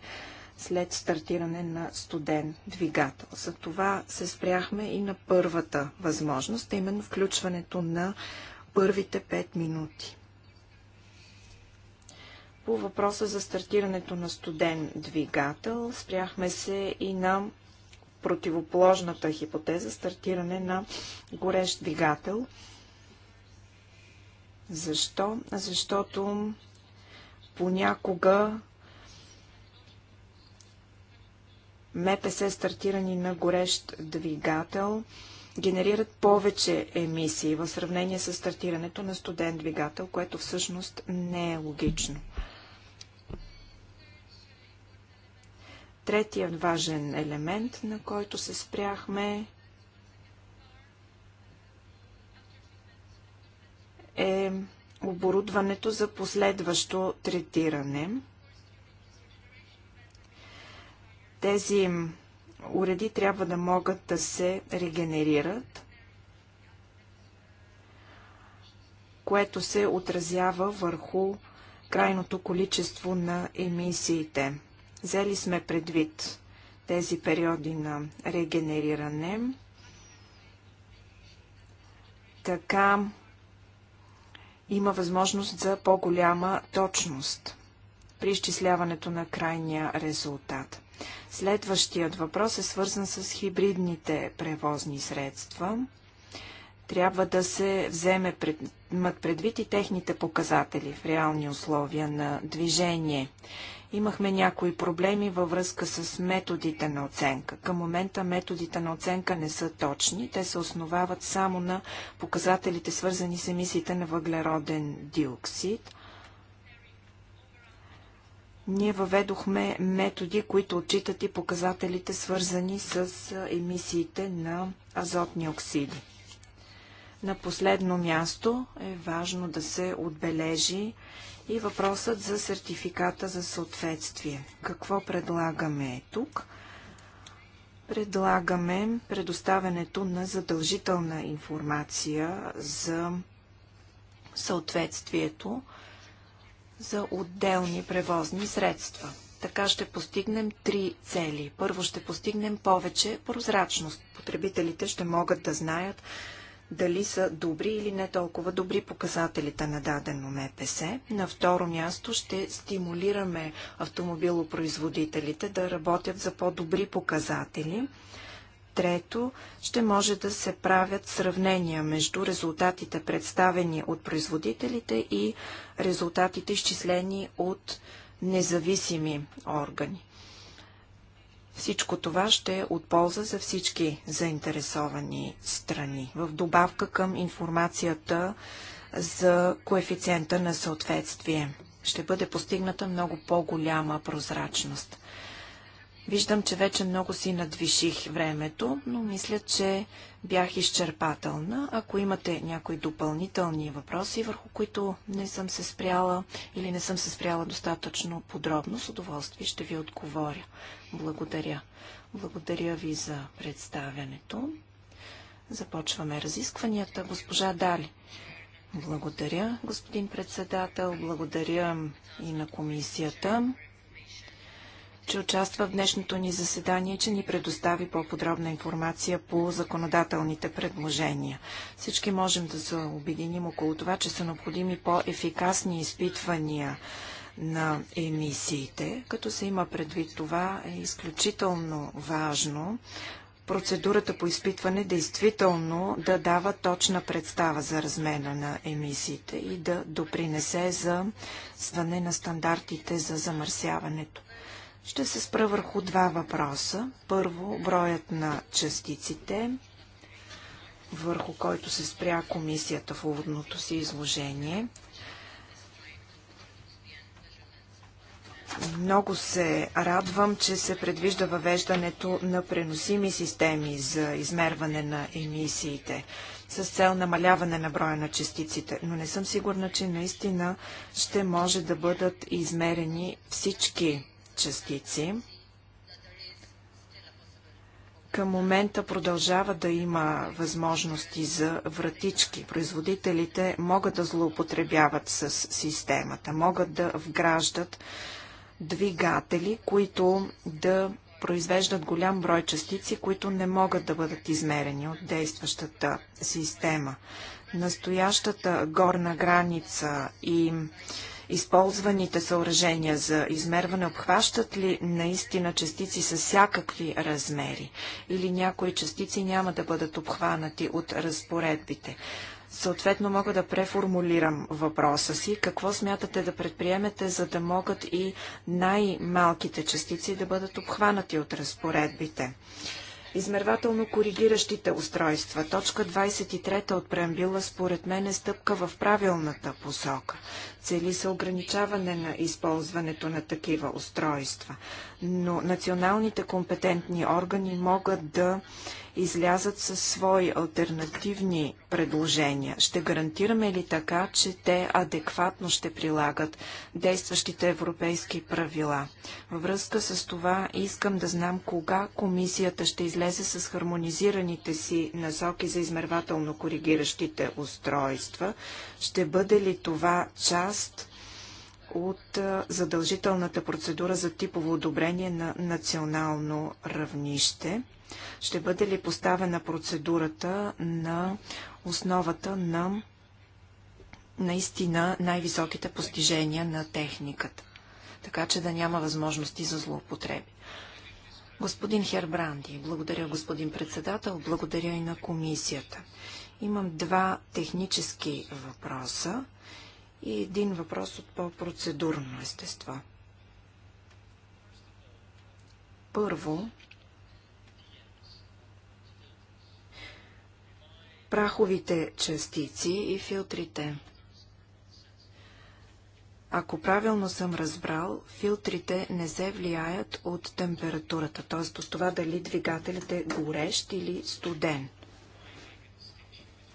след стартиране на студен двигател. За това се спряхме и на първата възможност, а именно включването на първите 5 минути. По въпроса за стартирането на студен двигател спряхме се и на противоположната хипотеза стартиране на горещ двигател. Защо? Защото понякога МПС стартирани на горещ двигател генерират повече емисии в сравнение с стартирането на студен двигател, което всъщност не е логично. Третият важен елемент, на който се спряхме, е оборудването за последващо третиране. Тези уреди трябва да могат да се регенерират, което се отразява върху крайното количество на емисиите. Взели сме предвид тези периоди на регенериране. Така има възможност за по-голяма точност при изчисляването на крайния резултат. Следващият въпрос е свързан с хибридните превозни средства. Трябва да се вземе пред, предвид и техните показатели в реални условия на движение. Имахме някои проблеми във връзка с методите на оценка. Към момента методите на оценка не са точни. Те се основават само на показателите, свързани с емисиите на въглероден диоксид – ние въведохме методи, които отчитат и показателите, свързани с емисиите на азотни оксиди. На последно място е важно да се отбележи, и въпросът за сертификата за съответствие. Какво предлагаме тук? Предлагаме предоставянето на задължителна информация за съответствието за отделни превозни средства. Така ще постигнем три цели. Първо ще постигнем повече прозрачност. Потребителите ще могат да знаят дали са добри или не толкова добри показателите на дадено МПС. На второ място ще стимулираме автомобилопроизводителите да работят за по-добри показатели. Трето, ще може да се правят сравнения между резултатите представени от производителите и резултатите изчислени от независими органи. Всичко това ще е от полза за всички заинтересовани страни. В добавка към информацията за коефициента на съответствие ще бъде постигната много по-голяма прозрачност. Виждам, че вече много си надвиших времето, но мисля, че бях изчерпателна. Ако имате някои допълнителни въпроси, върху които не съм се спряла или не съм се спряла достатъчно подробно, с удоволствие ще ви отговоря. Благодаря. Благодаря ви за представянето. Започваме разискванията. Госпожа Дали. Благодаря, господин председател. Благодаря и на комисията че участва в днешното ни заседание, че ни предостави по-подробна информация по законодателните предложения. Всички можем да се обединим около това, че са необходими по-ефикасни изпитвания на емисиите, като се има предвид това е изключително важно процедурата по изпитване действително да дава точна представа за размена на емисиите и да допринесе за сване на стандартите за замърсяването. Ще се спра върху два въпроса. Първо, броят на частиците, върху който се спря комисията в уводното си изложение. Много се радвам, че се предвижда въвеждането на преносими системи за измерване на емисиите с цел намаляване на броя на частиците, но не съм сигурна, че наистина ще може да бъдат измерени всички частици. Към момента продължава да има възможности за вратички. Производителите могат да злоупотребяват с системата, могат да вграждат двигатели, които да произвеждат голям брой частици, които не могат да бъдат измерени от действащата система. Настоящата горна граница и използваните съоръжения за измерване обхващат ли наистина частици с всякакви размери или някои частици няма да бъдат обхванати от разпоредбите? Съответно мога да преформулирам въпроса си. Какво смятате да предприемете, за да могат и най-малките частици да бъдат обхванати от разпоредбите? Измервателно коригиращите устройства. Точка 23 от преамбила според мен е стъпка в правилната посока. Цели се ограничаване на използването на такива устройства. Но националните компетентни органи могат да излязат със свои альтернативни предложения. Ще гарантираме ли така, че те адекватно ще прилагат действащите европейски правила? Във връзка с това искам да знам кога комисията ще излезе с хармонизираните си насоки за измервателно коригиращите устройства, ще бъде ли това част от задължителната процедура за типово одобрение на национално равнище? Ще бъде ли поставена процедурата на основата на наистина най-високите постижения на техниката, така че да няма възможности за злоупотреби? Господин Хербранди, благодаря господин председател, благодаря и на комисията. Имам два технически въпроса и един въпрос от по-процедурно естество. Първо, праховите частици и филтрите. Ако правилно съм разбрал, филтрите не се влияят от температурата, т.е. от това дали двигателят е горещ или студен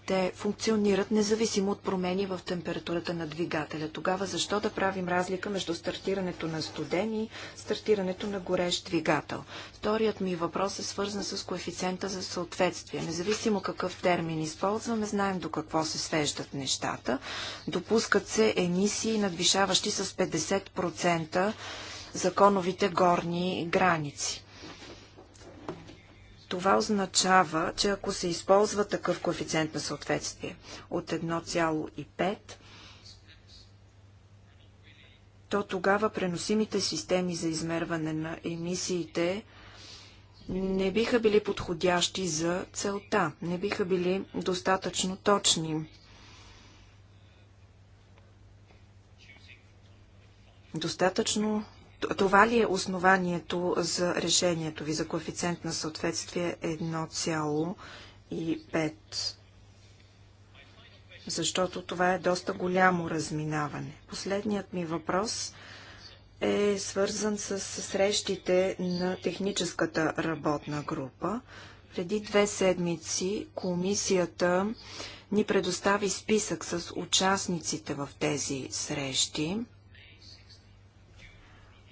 те функционират независимо от промени в температурата на двигателя. Тогава защо да правим разлика между стартирането на студен и стартирането на горещ двигател? Вторият ми въпрос е свързан с коефициента за съответствие. Независимо какъв термин използваме, знаем до какво се свеждат нещата. Допускат се емисии, надвишаващи с 50% законовите горни граници. Това означава, че ако се използва такъв коефициент на съответствие от 1,5, то тогава преносимите системи за измерване на емисиите не биха били подходящи за целта, не биха били достатъчно точни. Достатъчно това ли е основанието за решението ви за коефициент на съответствие 1,5? Защото това е доста голямо разминаване. Последният ми въпрос е свързан с срещите на техническата работна група. Преди две седмици комисията ни предостави списък с участниците в тези срещи.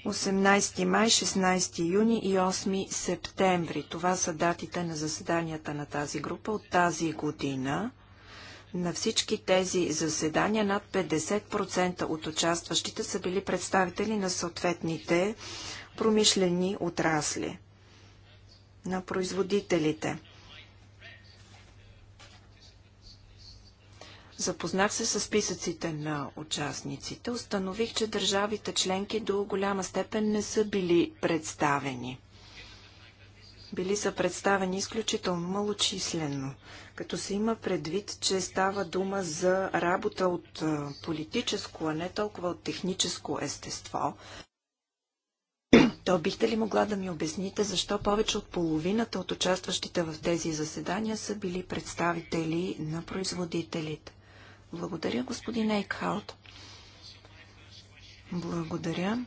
18 май, 16 юни и 8 септември. Това са датите на заседанията на тази група от тази година. На всички тези заседания над 50% от участващите са били представители на съответните промишлени отрасли, на производителите – Запознах се с списъците на участниците. Установих, че държавите членки до голяма степен не са били представени. Били са представени изключително малочислено, като се има предвид, че става дума за работа от политическо, а не толкова от техническо естество. То бихте ли могла да ми обясните, защо повече от половината от участващите в тези заседания са били представители на производителите? Благодаря, господин Ейкхаут. Благодаря.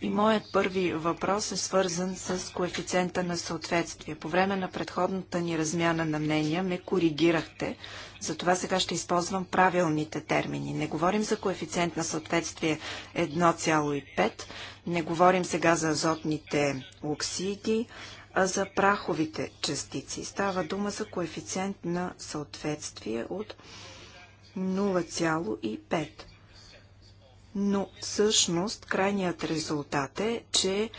И моят първи въпрос е свързан с коефициента на съответствие. По време на предходната ни размяна на мнения ме коригирахте, затова сега ще използвам правилните термини. Не говорим за коефициент на съответствие 1,5, не говорим сега за азотните оксиди, а за праховите частици. Става дума за коефициент на съответствие от 0,5. Но всъщност крайният резултат е, че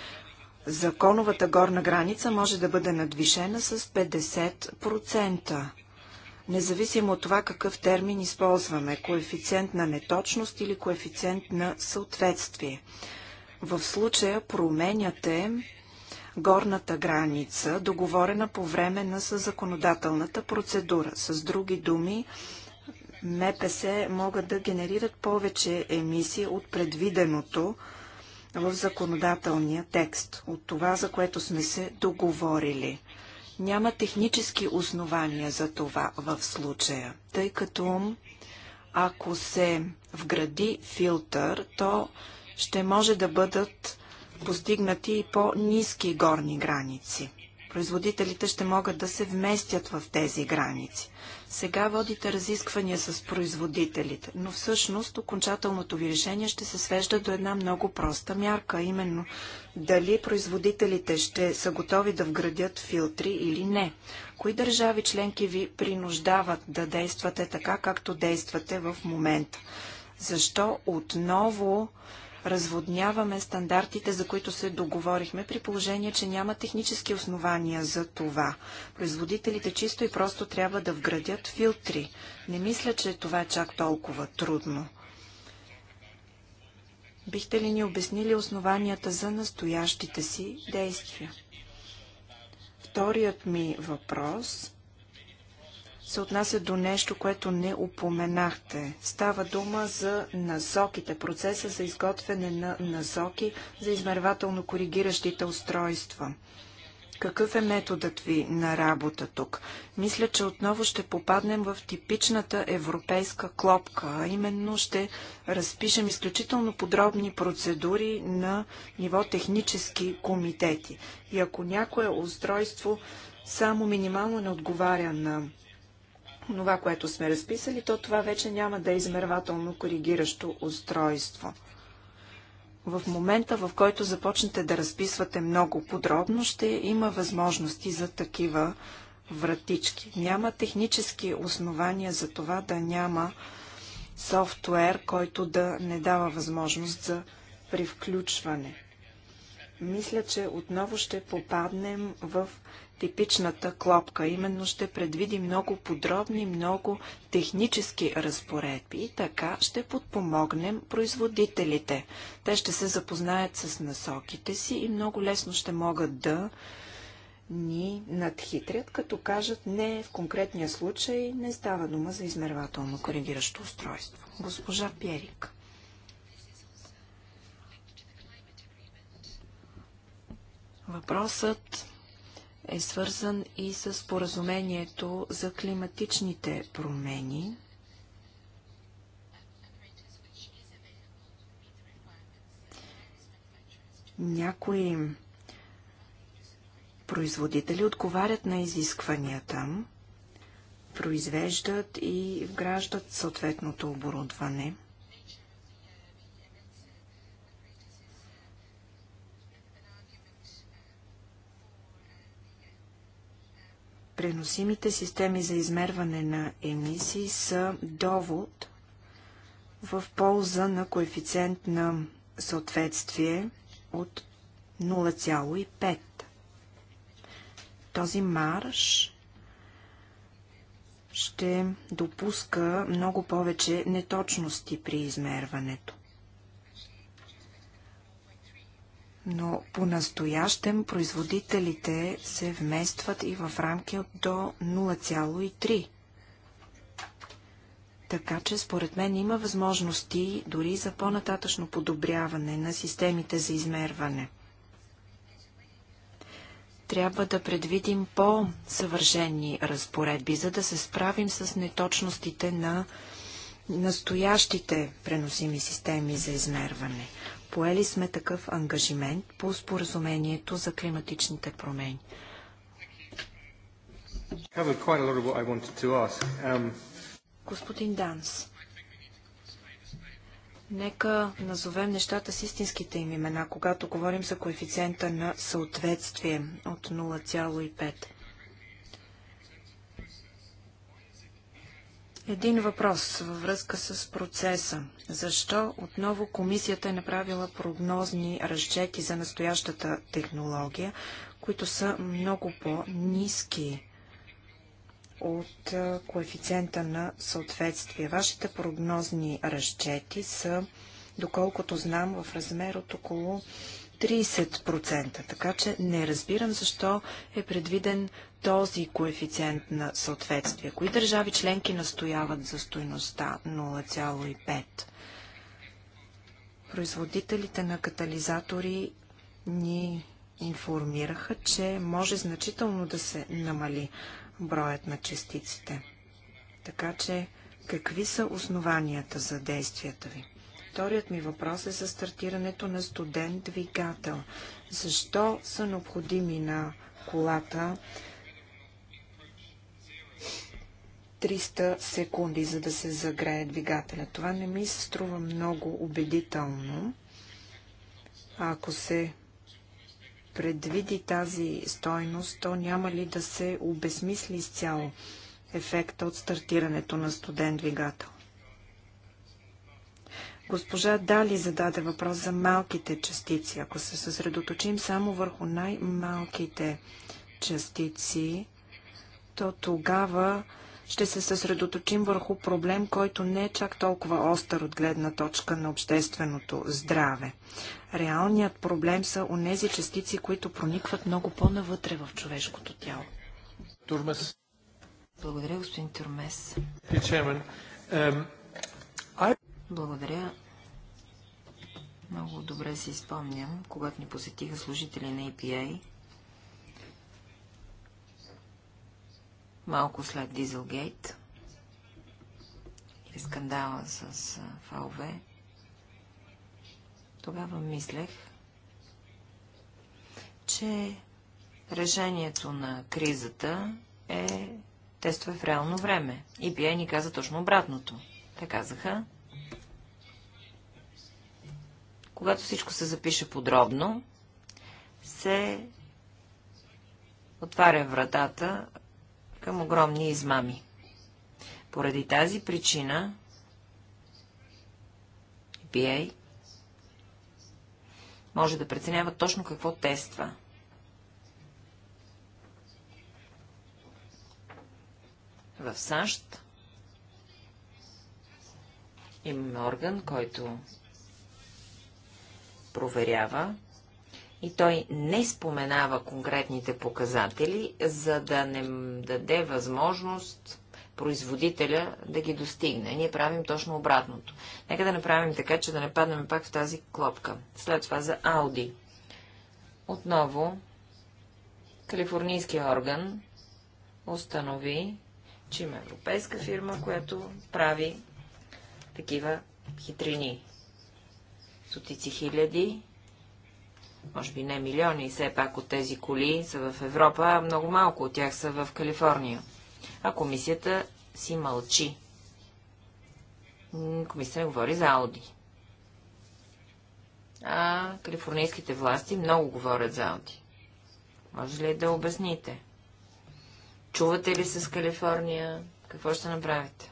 законовата горна граница може да бъде надвишена с 50%. Независимо от това какъв термин използваме – коефициент на неточност или коефициент на съответствие. В случая променяте горната граница, договорена по време на законодателната процедура. С други думи, МПС могат да генерират повече емисии от предвиденото в законодателния текст, от това, за което сме се договорили. Няма технически основания за това в случая, тъй като ако се вгради филтър, то ще може да бъдат постигнати и по-низки горни граници. Производителите ще могат да се вместят в тези граници. Сега водите разисквания с производителите, но всъщност окончателното ви решение ще се свежда до една много проста мярка, именно дали производителите ще са готови да вградят филтри или не. Кои държави членки ви принуждават да действате така, както действате в момента? Защо отново разводняваме стандартите, за които се договорихме, при положение, че няма технически основания за това. Производителите чисто и просто трябва да вградят филтри. Не мисля, че това е чак толкова трудно. Бихте ли ни обяснили основанията за настоящите си действия? Вторият ми въпрос се отнася до нещо, което не упоменахте. Става дума за насоките, процеса за изготвяне на насоки за измервателно коригиращите устройства. Какъв е методът ви на работа тук? Мисля, че отново ще попаднем в типичната европейска клопка, а именно ще разпишем изключително подробни процедури на ниво технически комитети. И ако някое устройство само минимално не отговаря на това, което сме разписали, то това вече няма да е измервателно коригиращо устройство. В момента, в който започнете да разписвате много подробно, ще има възможности за такива вратички. Няма технически основания за това да няма софтуер, който да не дава възможност за привключване. Мисля, че отново ще попаднем в типичната клопка. Именно ще предвиди много подробни, много технически разпоредби и така ще подпомогнем производителите. Те ще се запознаят с насоките си и много лесно ще могат да ни надхитрят, като кажат не, в конкретния случай не става дума за измервателно коригиращо устройство. Госпожа Пьерик. Въпросът е свързан и с поразумението за климатичните промени. Някои производители отговарят на изискванията, произвеждат и вграждат съответното оборудване – Преносимите системи за измерване на емисии са довод в полза на коефициент на съответствие от 0,5. Този марш ще допуска много повече неточности при измерването. но по-настоящем производителите се вместват и в рамки от до 0,3. Така че според мен има възможности дори за по-нататъчно подобряване на системите за измерване. Трябва да предвидим по-съвършени разпоредби, за да се справим с неточностите на настоящите преносими системи за измерване. Поели сме такъв ангажимент по споразумението за климатичните промени. Um, Господин Данс, нека назовем нещата с истинските им имена, когато говорим за коефициента на съответствие от 0,5. Един въпрос във връзка с процеса. Защо отново комисията е направила прогнозни разчети за настоящата технология, които са много по-низки от коефициента на съответствие? Вашите прогнозни разчети са, доколкото знам, в размер от около 30%. Така че не разбирам защо е предвиден този коефициент на съответствие? Кои държави членки настояват за стойността 0,5? Производителите на катализатори ни информираха, че може значително да се намали броят на частиците. Така че, какви са основанията за действията ви? Вторият ми въпрос е за стартирането на студент двигател. Защо са необходими на колата 300 секунди, за да се загрее двигателя. Това не ми се струва много убедително. ако се предвиди тази стойност, то няма ли да се обезмисли изцяло ефекта от стартирането на студен двигател? Госпожа Дали зададе въпрос за малките частици. Ако се съсредоточим само върху най-малките частици, то тогава ще се съсредоточим върху проблем, който не е чак толкова остър от гледна точка на общественото здраве. Реалният проблем са онези частици, които проникват много по-навътре в човешкото тяло. Турмес. Благодаря, господин Турмес. Um, Благодаря. Много добре си спомням, когато ни посетиха служители на EPA малко след Дизелгейт и скандала с ФАОВ, тогава мислех, че решението на кризата е тестове в реално време. И бия ни каза точно обратното. Те казаха, когато всичко се запише подробно, се отваря вратата към огромни измами. Поради тази причина BA може да преценява точно какво тества. В САЩ имаме орган, който проверява и той не споменава конкретните показатели, за да не даде възможност производителя да ги достигне. Ние правим точно обратното. Нека да направим така, че да не паднем пак в тази клопка. След това за Ауди. Отново, калифорнийския орган установи, че има европейска фирма, която прави такива хитрини. Сотици хиляди може би не милиони, и все пак от тези коли са в Европа, а много малко от тях са в Калифорния. А комисията си мълчи. Комисията не говори за Ауди. А калифорнийските власти много говорят за Ауди. Може ли да обясните? Чувате ли се с Калифорния? Какво ще направите?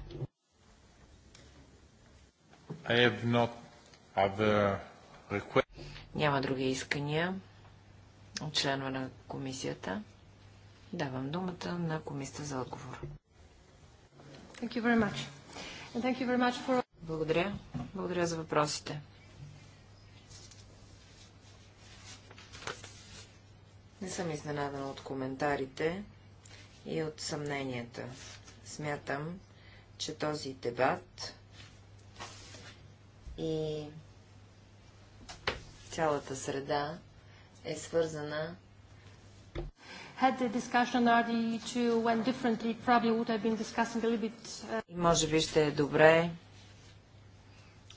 I have not other request. Няма други искания от членове на комисията. Давам думата на комисията за отговор. For... Благодаря. Благодаря за въпросите. Не съм изненадана от коментарите и от съмненията. Смятам, че този дебат и цялата среда е свързана uh, Може би ще е добре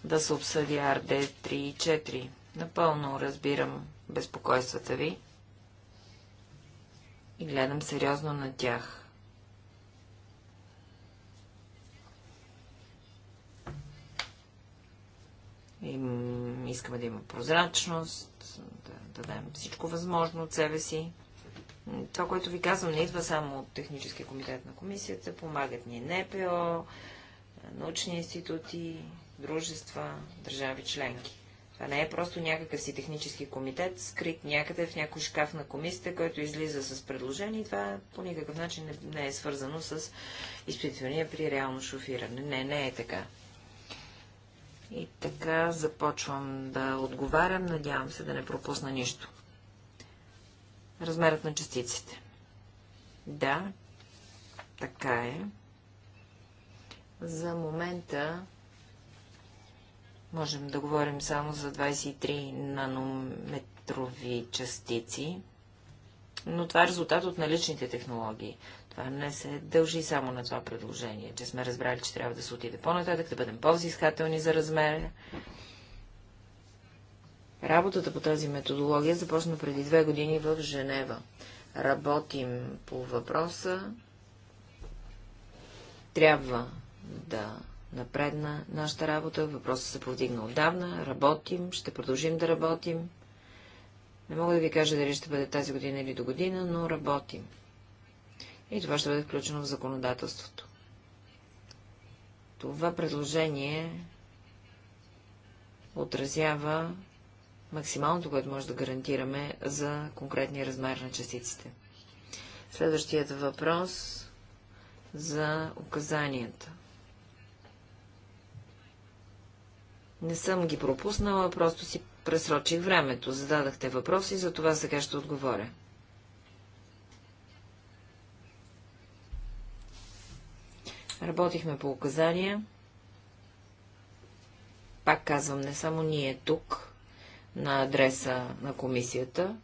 да се обсъди RD3 и 4. Напълно разбирам безпокойствата ви и гледам сериозно на тях. искаме да има прозрачност, да дадем всичко възможно от себе си. Това, което ви казвам, не идва само от Техническия комитет на комисията. Помагат ни НПО, научни институти, дружества, държави членки. Това не е просто някакъв си технически комитет, скрит някъде в някой шкаф на комисията, който излиза с предложение и това по никакъв начин не, не е свързано с изпитвания при реално шофиране. Не, не е така. И така започвам да отговарям. Надявам се да не пропусна нищо. Размерът на частиците. Да, така е. За момента можем да говорим само за 23 нанометрови частици, но това е резултат от наличните технологии. Това не се дължи само на това предложение, че сме разбрали, че трябва да се отиде по-нататък, да бъдем по-взискателни за размера. Работата по тази методология започна преди две години в Женева. Работим по въпроса. Трябва да напредна нашата работа. Въпросът се повдигна отдавна. Работим, ще продължим да работим. Не мога да ви кажа дали ще бъде тази година или до година, но работим и това ще бъде включено в законодателството. Това предложение отразява максималното, което може да гарантираме за конкретния размер на частиците. Следващият въпрос за указанията. Не съм ги пропуснала, просто си пресрочих времето. Зададахте въпроси, за това сега ще отговоря. Работихме по указания. Пак казвам, не само ние тук, на адреса на комисията.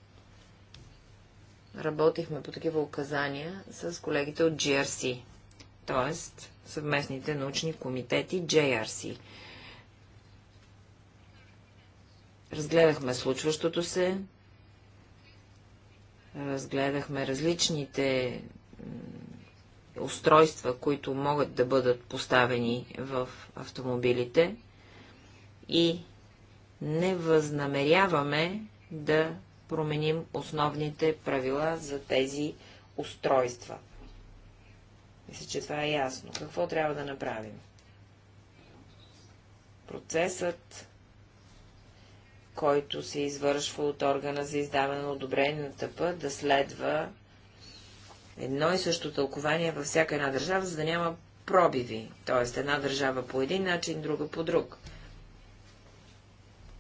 Работихме по такива указания с колегите от GRC, т.е. съвместните научни комитети JRC. Разгледахме случващото се, разгледахме различните устройства, които могат да бъдат поставени в автомобилите и не възнамеряваме да променим основните правила за тези устройства. Мисля, че това е ясно. Какво трябва да направим? Процесът, който се извършва от органа за издаване на одобрение на тъпа, да следва едно и също тълкование във всяка една държава, за да няма пробиви, т.е. една държава по един начин, друга по друг.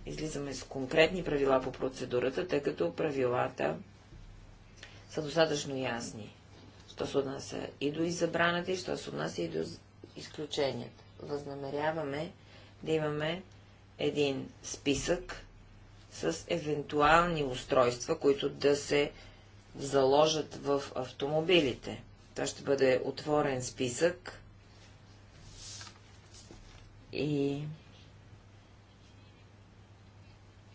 Излизаме с конкретни правила по процедурата, тъй като правилата са достатъчно ясни. Що се отнася и до избраната, и що се отнася и до изключенията. Възнамеряваме да имаме един списък с евентуални устройства, които да се заложат в автомобилите. Това ще бъде отворен списък и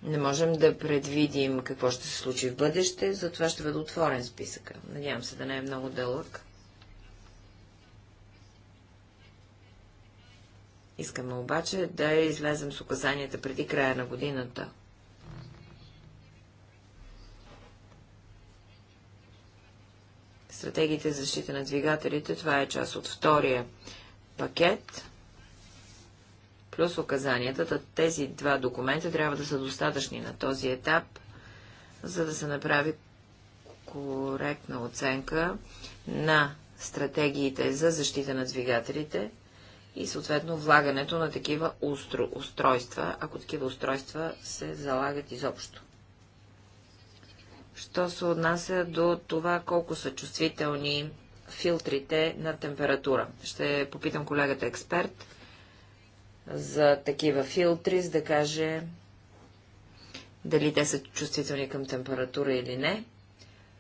не можем да предвидим какво ще се случи в бъдеще, затова ще бъде отворен списък. Надявам се да не е много дълъг. Искаме обаче да излезем с указанията преди края на годината. стратегиите за защита на двигателите. Това е част от втория пакет плюс указанията. Тези два документа трябва да са достатъчни на този етап, за да се направи коректна оценка на стратегиите за защита на двигателите и съответно влагането на такива устро, устройства, ако такива устройства се залагат изобщо що се отнася до това колко са чувствителни филтрите на температура. Ще попитам колегата експерт за такива филтри, за да каже дали те са чувствителни към температура или не.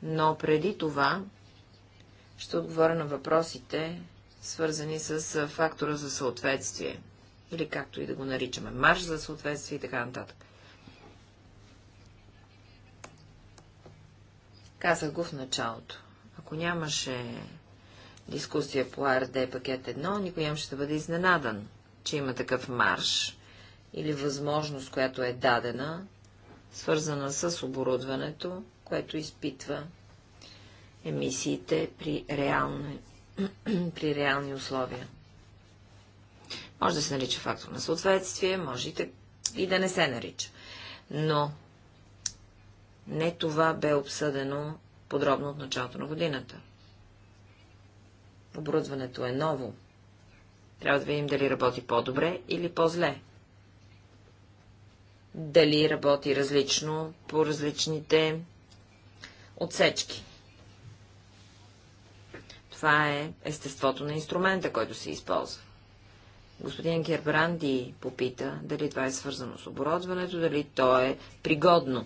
Но преди това ще отговоря на въпросите, свързани с фактора за съответствие, или както и да го наричаме, марш за съответствие и така нататък. Казах го в началото. Ако нямаше дискусия по АРД пакет 1, никой нямаше да бъде изненадан, че има такъв марш или възможност, която е дадена, свързана с оборудването, което изпитва емисиите при реални, при реални условия. Може да се нарича фактор на съответствие, може и да, и да не се нарича. Но не това бе обсъдено подробно от началото на годината. Оборудването е ново. Трябва да видим дали работи по-добре или по-зле. Дали работи различно по различните отсечки. Това е естеството на инструмента, който се използва. Господин Кербранди попита, дали това е свързано с оборудването, дали то е пригодно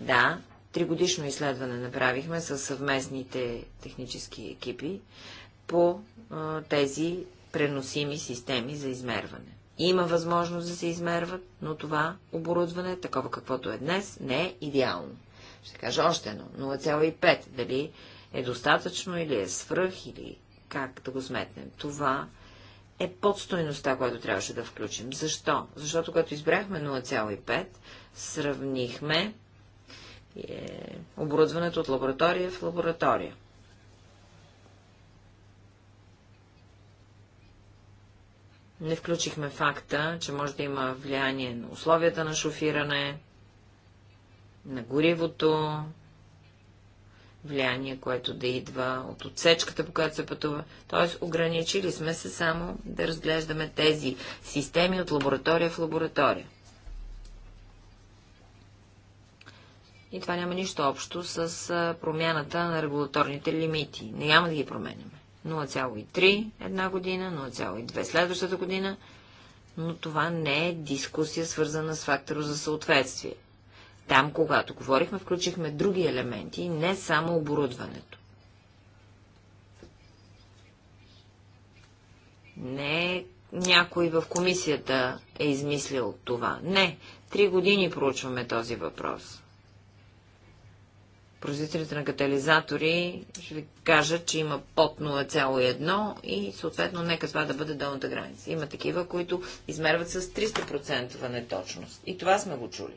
да, тригодишно изследване направихме с съвместните технически екипи по а, тези преносими системи за измерване. Има възможност да се измерват, но това оборудване, такова каквото е днес, не е идеално. Ще кажа още едно. 0,5. Дали е достатъчно или е свръх, или как да го сметнем. Това е под стоеността, която трябваше да включим. Защо? Защото когато избрахме 0,5, сравнихме е оборудването от лаборатория в лаборатория. Не включихме факта, че може да има влияние на условията на шофиране, на горивото, влияние, което да идва от отсечката, по която се пътува. Тоест, ограничили сме се само да разглеждаме тези системи от лаборатория в лаборатория. и това няма нищо общо с промяната на регулаторните лимити. Няма да ги променяме. 0,3 една година, 0,2 следващата година, но това не е дискусия свързана с фактора за съответствие. Там, когато говорихме, включихме други елементи, не само оборудването. Не е някой в комисията е измислил това. Не, три години проучваме този въпрос производителите на катализатори ще ви кажат, че има под 0,1 и съответно нека това да бъде долната граница. Има такива, които измерват с 300% неточност. И това сме го чули.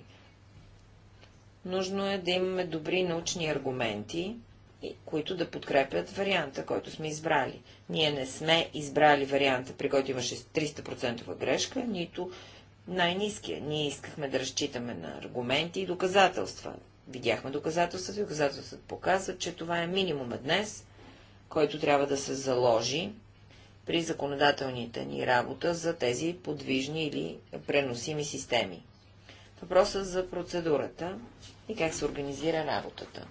Нужно е да имаме добри научни аргументи, които да подкрепят варианта, който сме избрали. Ние не сме избрали варианта, при който имаше 300% грешка, нито най-низкия. Ние искахме да разчитаме на аргументи и доказателства. Видяхме доказателствата и доказателствата показват, че това е минимума днес, който трябва да се заложи при законодателните ни работа за тези подвижни или преносими системи. Въпросът за процедурата и как се организира работата.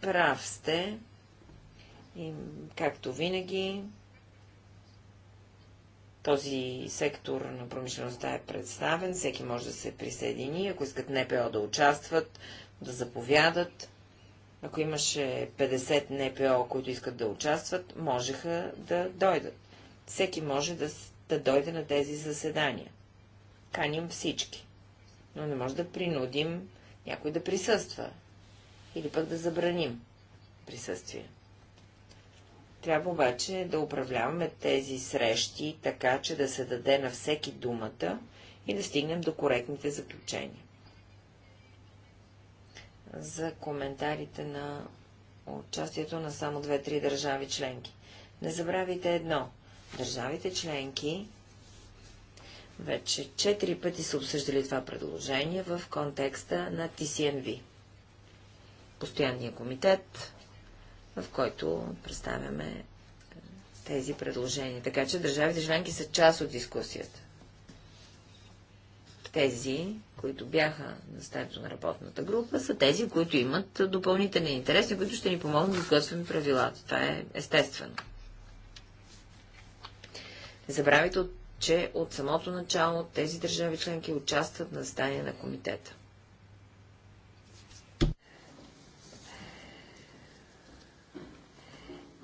Прав сте, и, както винаги, този сектор на промишлеността е представен, всеки може да се присъедини, ако искат НПО да участват, да заповядат. Ако имаше 50 НПО, които искат да участват, можеха да дойдат. Всеки може да, да дойде на тези заседания. Каним всички. Но не може да принудим някой да присъства. Или пък да забраним присъствие. Трябва обаче да управляваме тези срещи така, че да се даде на всеки думата и да стигнем до коректните заключения. За коментарите на участието на само две-три държави членки. Не забравяйте едно. Държавите членки вече четири пъти са обсъждали това предложение в контекста на TCNV. Постоянния комитет в който представяме е, тези предложения. Така че държавите членки са част от дискусията. Тези, които бяха на стането на работната група, са тези, които имат допълнителни интерес и които ще ни помогнат да изготвим правилата. Това е естествено. Не забравяйте, че от самото начало тези държави членки участват на стане на комитета.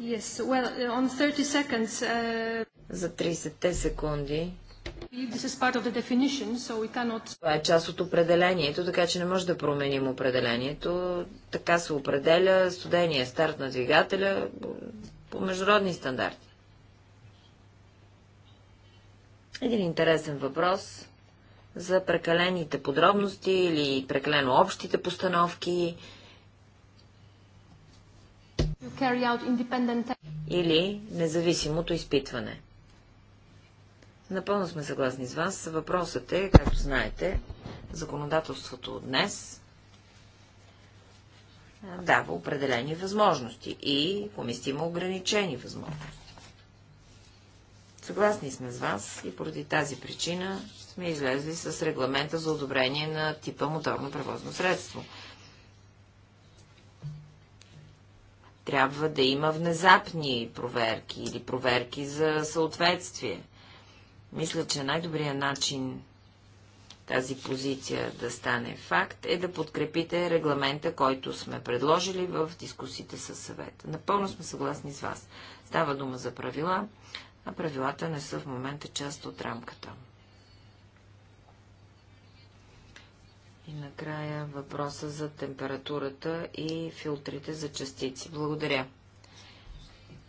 Yes, well, uh, on 30 seconds, uh... За 30-те секунди. So cannot... Това е част от определението, така че не може да променим определението. Така се определя студения старт на двигателя по международни стандарти. Един интересен въпрос за прекалените подробности или прекалено общите постановки или независимото изпитване. Напълно сме съгласни с вас. Въпросът е, както знаете, законодателството днес дава определени възможности и поместимо ограничени възможности. Съгласни сме с вас и поради тази причина сме излезли с регламента за одобрение на типа моторно превозно средство – трябва да има внезапни проверки или проверки за съответствие. Мисля, че най-добрият начин тази позиция да стане факт е да подкрепите регламента, който сме предложили в дискусите с съвета. Напълно сме съгласни с вас. Става дума за правила, а правилата не са в момента част от рамката. И накрая въпроса за температурата и филтрите за частици. Благодаря.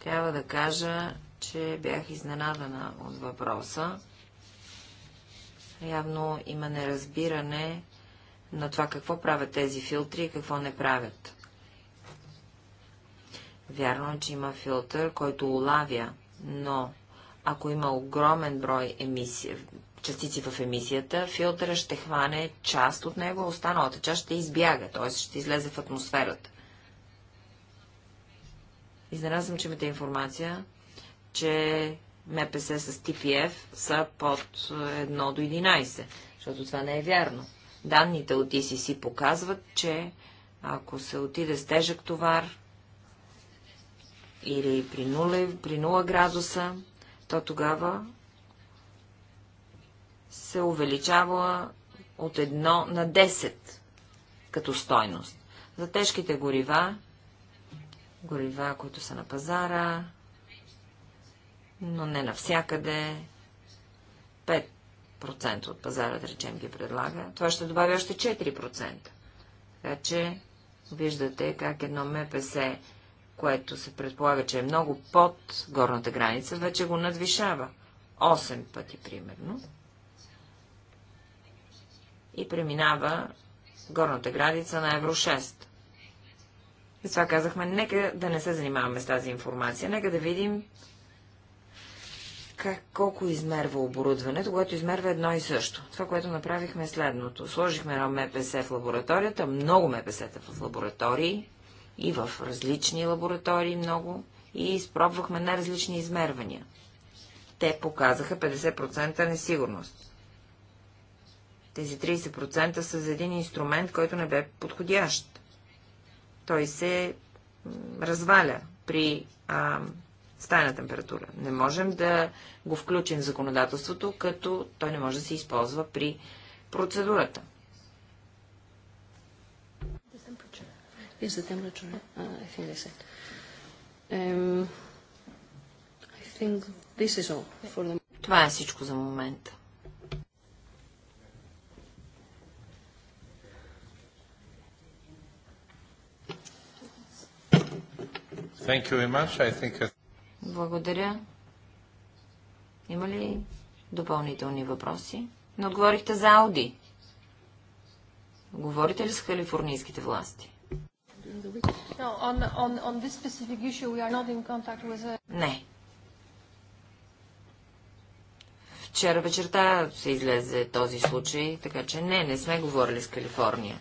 Трябва да кажа, че бях изненадана от въпроса. Явно има неразбиране на това какво правят тези филтри и какво не правят. Вярно е, че има филтър, който улавя, но ако има огромен брой емисия частици в емисията, филтъра ще хване част от него, а останалата част ще избяга, т.е. ще излезе в атмосферата. Изненадвам, че имате информация, че МПС с TPF са под 1 до 11, защото това не е вярно. Данните от ИСС показват, че ако се отиде с тежък товар или при 0, при 0 градуса, то тогава се увеличава от 1 на 10 като стойност. За тежките горива, горива, които са на пазара, но не навсякъде, 5% от пазара, да речем, ги предлага, това ще добави още 4%. Така че виждате как едно МПС, което се предполага, че е много под горната граница, вече го надвишава. 8 пъти, примерно и преминава горната граница на Евро 6. И това казахме, нека да не се занимаваме с тази информация, нека да видим как, колко измерва оборудването, което измерва едно и също. Това, което направихме е следното. Сложихме едно МПС в лабораторията, много МПС-та в лаборатории и в различни лаборатории много и изпробвахме най-различни измервания. Те показаха 50% несигурност. Тези 30% са за един инструмент, който не бе подходящ. Той се разваля при а, стайна температура. Не можем да го включим в законодателството, като той не може да се използва при процедурата. Uh, um, Това е всичко за момента. Think... Благодаря. Има ли допълнителни въпроси? Не отговорихте за Ауди. Говорите ли с калифорнийските власти? Не. Вчера вечерта се излезе този случай, така че не, не сме говорили с Калифорния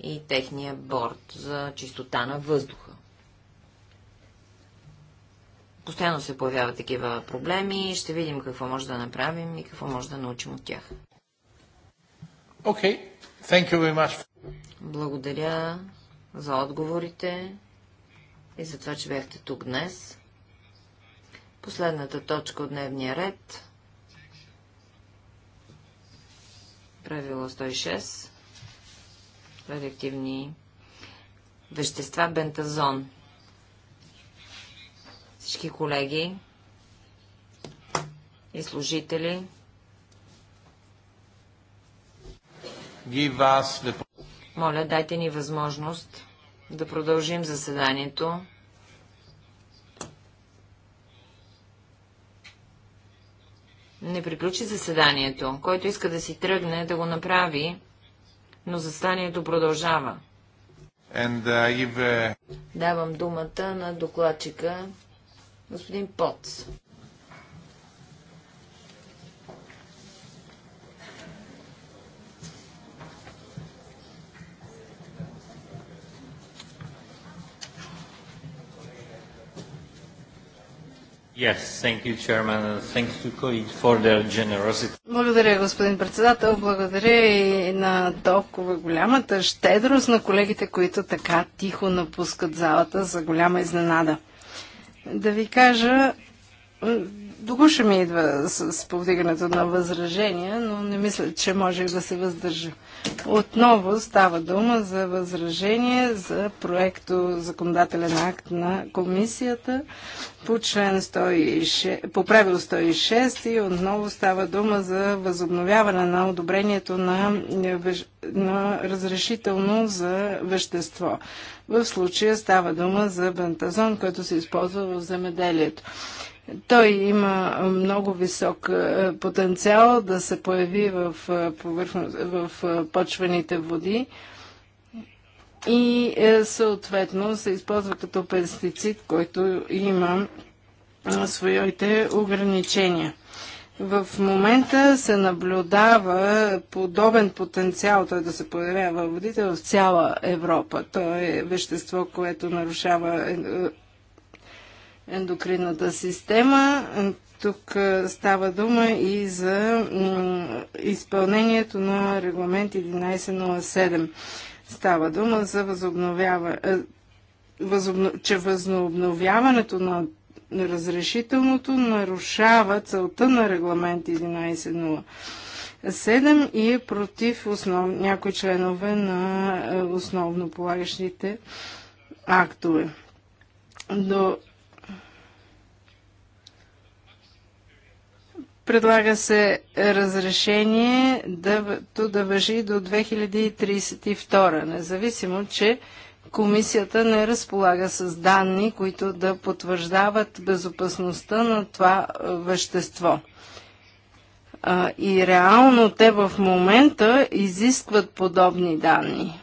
и техния борт за чистота на въздуха. Постоянно се появяват такива проблеми и ще видим какво може да направим и какво може да научим от тях. Okay. Thank you very much. Благодаря за отговорите и за това, че бяхте тук днес. Последната точка от дневния ред. Правило 106. Радиоактивни вещества бентазон всички колеги и служители. Моля, дайте ни възможност да продължим заседанието. Не приключи заседанието. Който иска да си тръгне, да го направи, но заседанието продължава. And, uh, uh... Давам думата на докладчика Господин Поц. Yes, you, Благодаря, господин председател. Благодаря и на толкова голямата щедрост на колегите, които така тихо напускат залата за голяма изненада да ви кажа до ми идва с повдигането на възражения, но не мисля, че може да се въздържа. Отново става дума за възражение за проекто законодателен акт на комисията по член 106, по правило 106 и отново става дума за възобновяване на одобрението на, на разрешително за вещество. В случая става дума за бентазон, който се използва в земеделието. Той има много висок е, потенциал да се появи в, е, повърхно, в е, почвените води и съответно се използва като пестицид, който има своите ограничения. В момента се наблюдава подобен потенциал той да се появява в водите в цяла Европа. То е вещество, което нарушава ендокринната система. Тук е, става дума и за изпълнението на регламент 1107. Става дума за възобновява, е, възобно, че възобновяването на разрешителното нарушава целта на регламент 1107 и е против основ, някои членове на е, основно полагащите актове. До Предлага се разрешение да, то да въжи до 2032, независимо, че комисията не разполага с данни, които да потвърждават безопасността на това е, вещество. и реално те в момента изискват подобни данни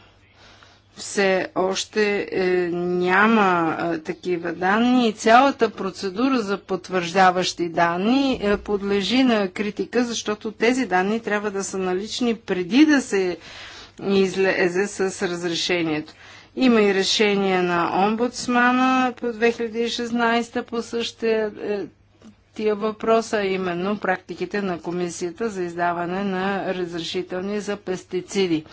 все още е, няма е, такива данни и цялата процедура за потвърждаващи данни е, подлежи на критика, защото тези данни трябва да са налични преди да се излезе с разрешението. Има и решение на омбудсмана по 2016 по същия е, тия въпроса, а именно практиките на комисията за издаване на разрешителни за пестициди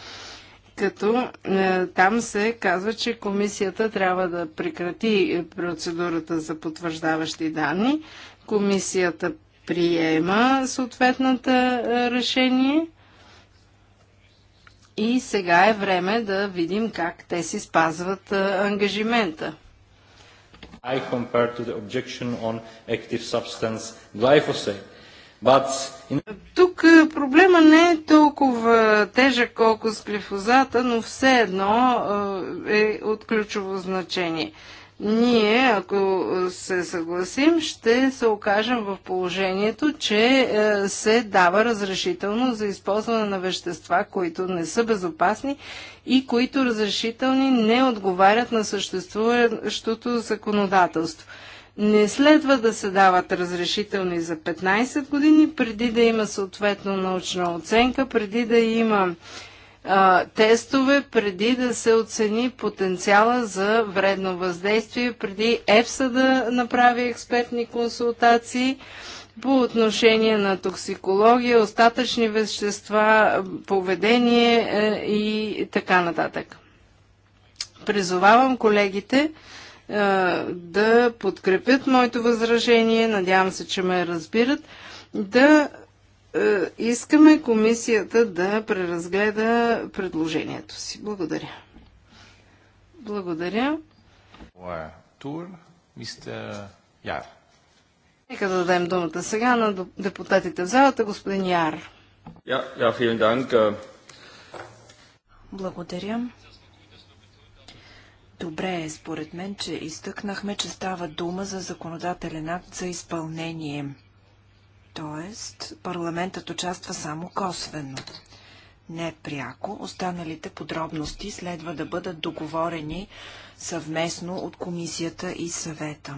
като е, там се казва, че комисията трябва да прекрати процедурата за потвърждаващи данни. Комисията приема съответната е, решение и сега е време да видим как те си спазват е, ангажимента. I compare to the objection on active substance glyphosate тук е, проблема не е толкова тежък, колко с глифозата, но все едно е, е от ключово значение. Ние, ако е, се съгласим, ще се окажем в положението, че се дава разрешително за използване на вещества, които не са безопасни и които разрешителни не отговарят на съществуващото законодателство не следва да се дават разрешителни за 15 години, преди да има съответно научна оценка, преди да има а, тестове, преди да се оцени потенциала за вредно въздействие, преди ЕФСА да направи експертни консултации по отношение на токсикология, остатъчни вещества, поведение е, и така нататък. Призовавам колегите да подкрепят моето възражение, надявам се, че ме разбират, да искаме комисията да преразгледа предложението си. Благодаря. Благодаря. Тур, мистер Яр. Нека да дадем думата сега на депутатите в залата, господин Яр. Yeah, äh. Благодаря. Добре е, според мен, че изтъкнахме, че става дума за законодателен акт за изпълнение. Тоест, парламентът участва само косвено. Не пряко, останалите подробности следва да бъдат договорени съвместно от комисията и съвета.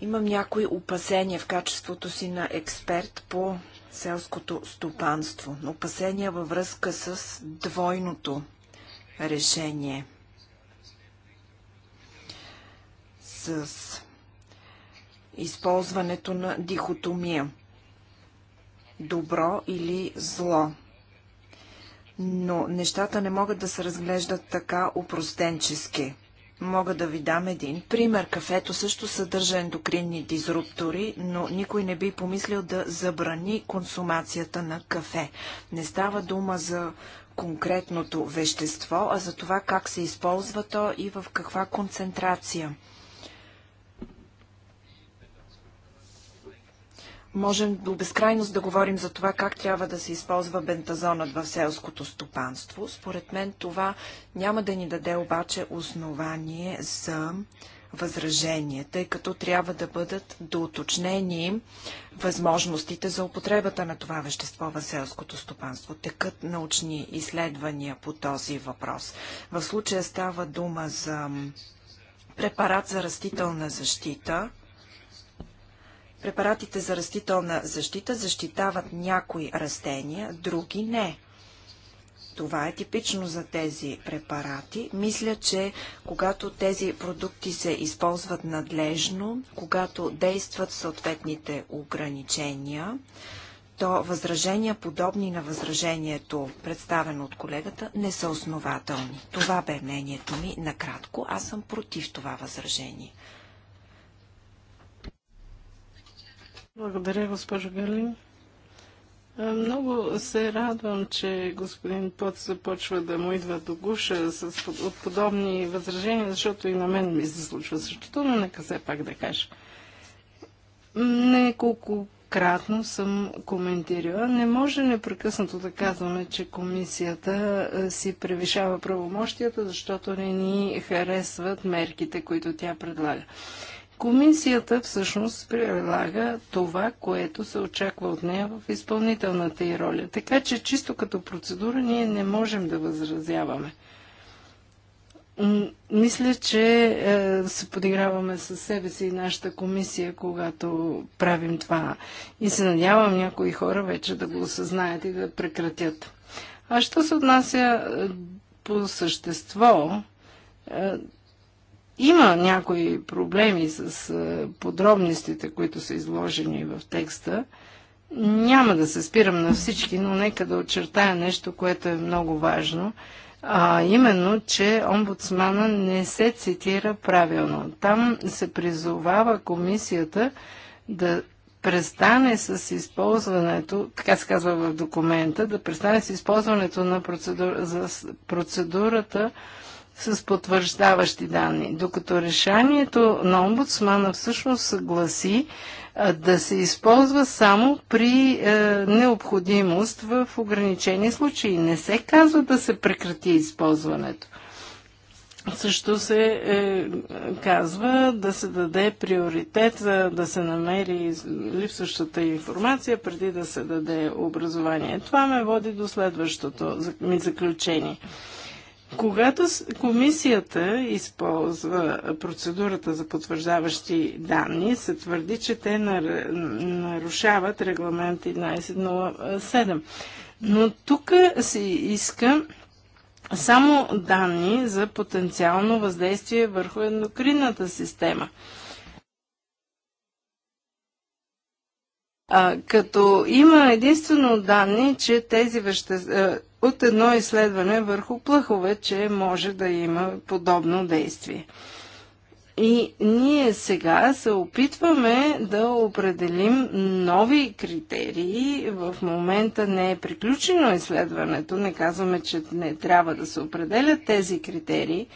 Имам някои опасения в качеството си на експерт по селското стопанство. Опасения във връзка с двойното решение. С използването на дихотомия. Добро или зло. Но нещата не могат да се разглеждат така упростенчески. Мога да ви дам един пример. Кафето също съдържа ендокринни дизруптори, но никой не би помислил да забрани консумацията на кафе. Не става дума за конкретното вещество, а за това как се използва то и в каква концентрация. Можем до безкрайност да говорим за това как трябва да се използва бентазонът в селското стопанство. Според мен това няма да ни даде обаче основание за възражение, тъй като трябва да бъдат доуточнени възможностите за употребата на това вещество в селското стопанство. Текат научни изследвания по този въпрос. В случая става дума за препарат за растителна защита, Препаратите за растителна защита защитават някои растения, други не. Това е типично за тези препарати. Мисля, че когато тези продукти се използват надлежно, когато действат съответните ограничения, то възражения, подобни на възражението, представено от колегата, не са основателни. Това бе мнението ми накратко. Аз съм против това възражение. Благодаря, госпожо Галин. Много се радвам, че господин Пот започва да му идва до гуша с от подобни възражения, защото и на мен ми се случва същото, но нека все пак да кажа. Неколко кратно съм коментирала. Не може непрекъснато да казваме, че комисията си превишава правомощията, защото не ни харесват мерките, които тя предлага. Комисията всъщност прилага това, което се очаква от нея в изпълнителната й роля. Така че чисто като процедура ние не можем да възразяваме. Мисля, че е, се подиграваме с себе си и нашата комисия, когато правим това. И се надявам някои хора вече да го осъзнаят и да прекратят. А що се отнася е, по същество, е, има някои проблеми с е, подробностите, които са изложени в текста. Няма да се спирам на всички, но нека да очертая нещо, което е много важно, а именно, че омбудсмана не се цитира правилно. Там се призовава комисията да престане с използването, така се казва в документа, да престане с използването на процедура, за процедурата с потвърждаващи данни. Докато решението на омбудсмана всъщност съгласи да се използва само при е, необходимост в ограничени случаи. Не се казва да се прекрати използването. Също се е, казва да се даде приоритет за да се намери липсващата информация преди да се даде образование. Това ме води до следващото ми заключение. Когато комисията използва процедурата за потвърждаващи данни, се твърди, че те нарушават регламент 1107. Но тук се иска само данни за потенциално въздействие върху ендокринната система. А, като има единствено данни, че тези вещества от едно изследване върху плъхове, че може да има подобно действие. И ние сега се опитваме да определим нови критерии. В момента не е приключено изследването. Не казваме, че не трябва да се определят тези критерии,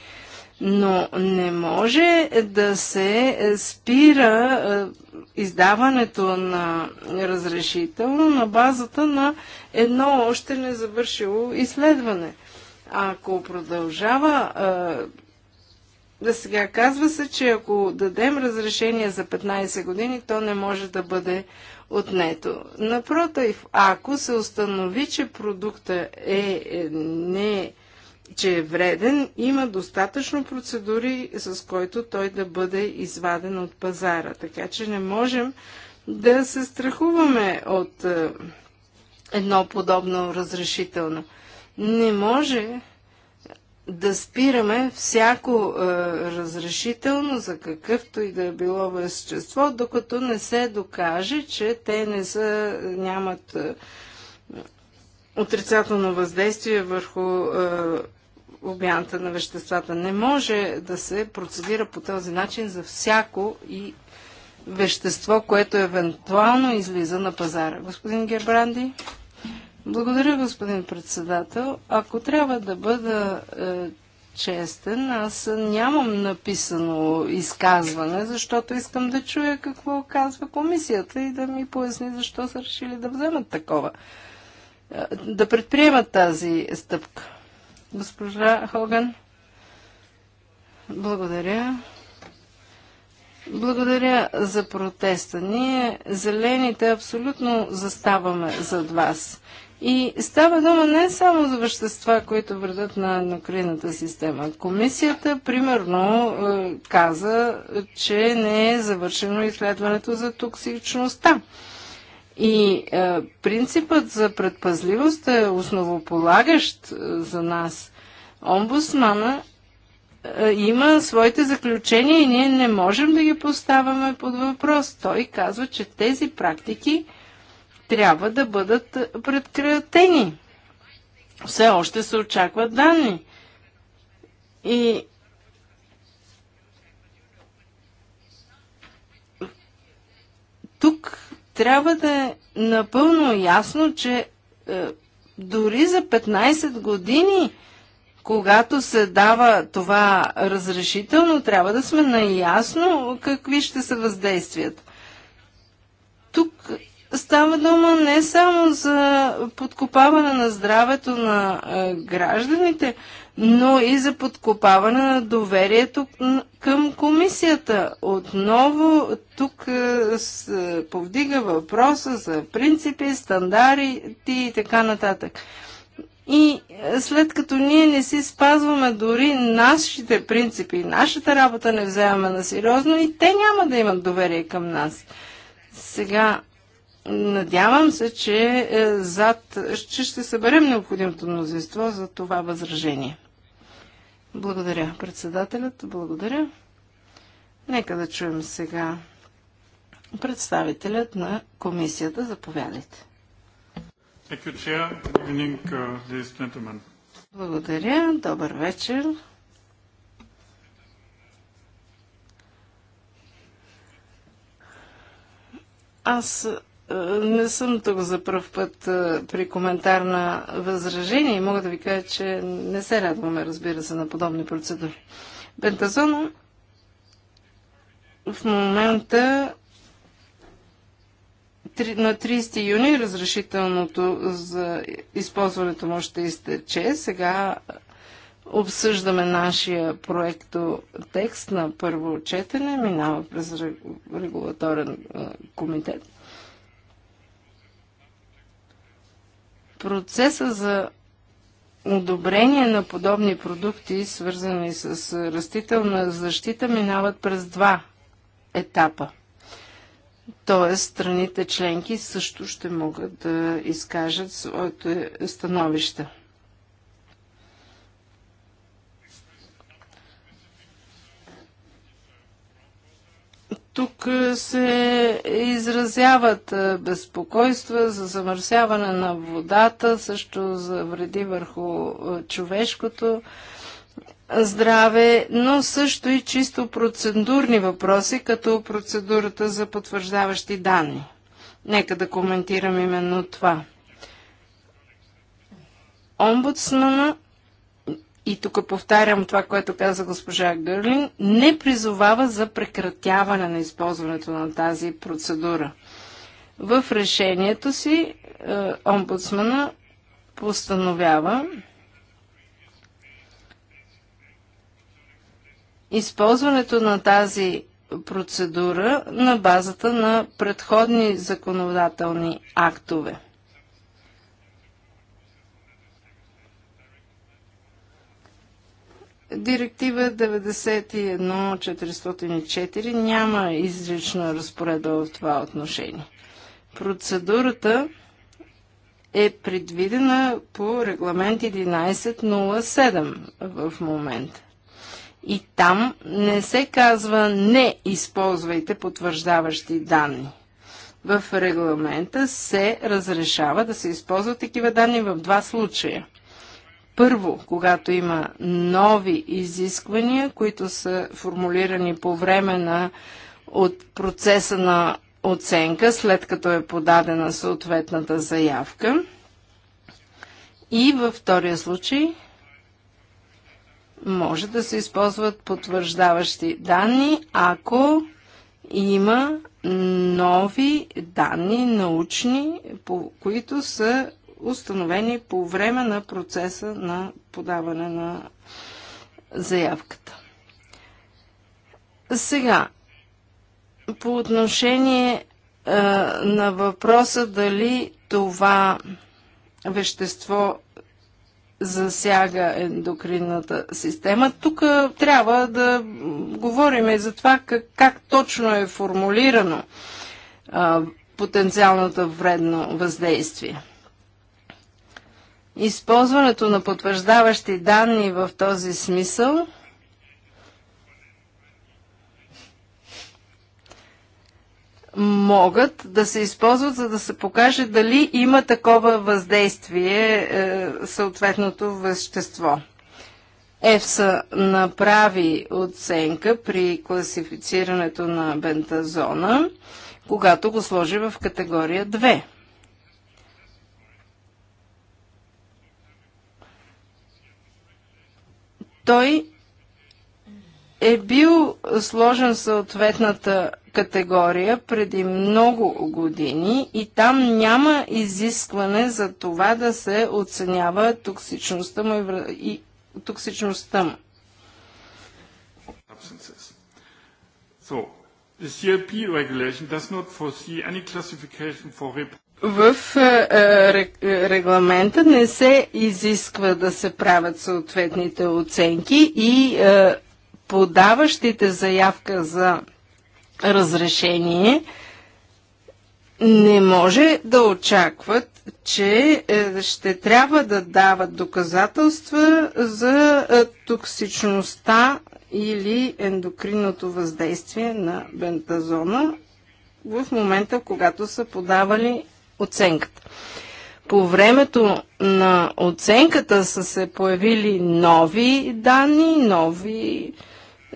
но не може да се спира е, издаването на разрешително на базата на едно още незавършило изследване. Ако продължава, е, да сега казва се, че ако дадем разрешение за 15 години, то не може да бъде отнето. Напротив, ако се установи, че продукта е, е не че е вреден, има достатъчно процедури, с който той да бъде изваден от пазара. Така че не можем да се страхуваме от е, едно подобно разрешително. Не може да спираме всяко е, разрешително за какъвто и да е било вещество, докато не се докаже, че те не са, нямат е, отрицателно въздействие върху е, обмяната на веществата. Не може да се процедира по този начин за всяко и вещество, което евентуално излиза на пазара. Господин Гербранди? Благодаря, господин председател. Ако трябва да бъда е, честен, аз нямам написано изказване, защото искам да чуя какво казва комисията и да ми поясни защо са решили да вземат такова е, да предприемат тази стъпка. Госпожа Хоган, благодаря. Благодаря за протеста. Ние, зелените, абсолютно заставаме зад вас. И става дума не само за вещества, които вредят на ендокринната система. Комисията, примерно, е, каза, че не е завършено изследването за токсичността. И е, принципът за предпазливост е основополагащ е, за нас. омбусмана, е, има своите заключения и ние не можем да ги поставяме под въпрос. Той казва, че тези практики трябва да бъдат предкратени. Все още се очакват данни. И трябва да е напълно ясно, че е, дори за 15 години, когато се дава това разрешително, трябва да сме наясно какви ще са въздействията. Тук Става дума не само за подкопаване на здравето на е, гражданите, но и за подкопаване на доверието към комисията. Отново тук е, е, повдига въпроса за принципи, стандарти и така нататък. И след като ние не си спазваме дори нашите принципи, нашата работа не вземаме на сериозно и те няма да имат доверие към нас. Сега Надявам се, че е, зад, че ще съберем необходимото мнозинство за това възражение. Благодаря, председателят. Благодаря. Нека да чуем сега представителят на комисията. Заповядайте. Uh, Благодаря. Добър вечер. Аз е, не съм тук за първ път е, при коментар на възражение и мога да ви кажа, че не се радваме, разбира се, на подобни процедури. Бентазона в момента на 30 юни разрешителното за използването му ще изтече. Сега обсъждаме нашия проекто текст на първо четене, минава през регулаторен е, комитет. Процеса за одобрение на подобни продукти, свързани с растителна защита, минават през два етапа. Тоест, страните членки също ще могат да изкажат своето становище. Тук се изразяват безпокойства за замърсяване на водата, също за вреди върху човешкото здраве, но също и чисто процедурни въпроси, като процедурата за потвърждаващи данни. Нека да коментирам именно това. Омбудсмана и тук повтарям това, което каза госпожа Гърлин, не призовава за прекратяване на използването на тази процедура. В решението си е, омбудсмана постановява използването на тази процедура на базата на предходни законодателни актове. Директива 91404 няма изрична разпоредба в това отношение. Процедурата е предвидена по регламент 1107 в момента. И там не се казва не използвайте потвърждаващи данни. В регламента се разрешава да се използват такива данни в два случая – първо, когато има нови изисквания, които са формулирани по време на от процеса на оценка, след като е подадена съответната заявка. И във втория случай може да се използват потвърждаващи данни, ако има нови данни научни, по които са установени по време на процеса на подаване на заявката. Сега, по отношение а, на въпроса дали това вещество засяга ендокринната система. Тук трябва да говорим и за това как, как точно е формулирано а, потенциалното вредно въздействие. Използването на потвърждаващи данни в този смисъл могат да се използват, за да се покаже дали има такова въздействие е, съответното вещество. ЕФСА направи оценка при класифицирането на бентазона, когато го сложи в категория 2. той е бил сложен в съответната категория преди много години и там няма изискване за това да се оценява токсичността му и, токсичността му. So, the CLP regulation does not foresee any classification for в е, е, е, регламента не се изисква да се правят съответните оценки и подаващите заявка за разрешение не може да очакват, че ще трябва да дават доказателства за токсичността или ендокринното въздействие на бентазона в момента, когато са подавали оценката. По времето на оценката са се появили нови данни, нови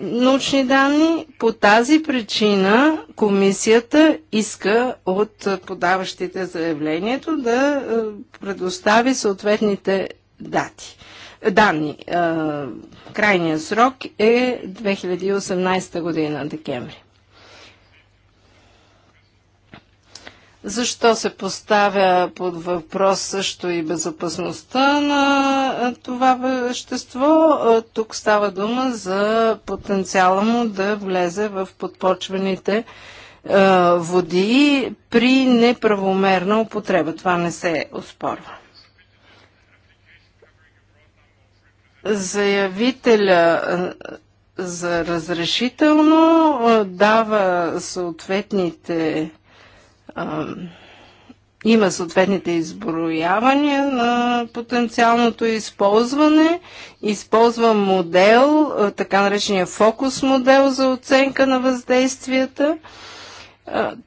научни данни. По тази причина комисията иска от подаващите заявлението да е, предостави съответните дати. Данни. Е, крайният срок е 2018 година, декември. Защо се поставя под въпрос също и безопасността на това вещество? Тук става дума за потенциала му да влезе в подпочвените води при неправомерна употреба. Това не се оспорва. Заявителя за разрешително дава съответните има съответните изброявания на потенциалното използване. Използвам модел, така наречения фокус модел за оценка на въздействията,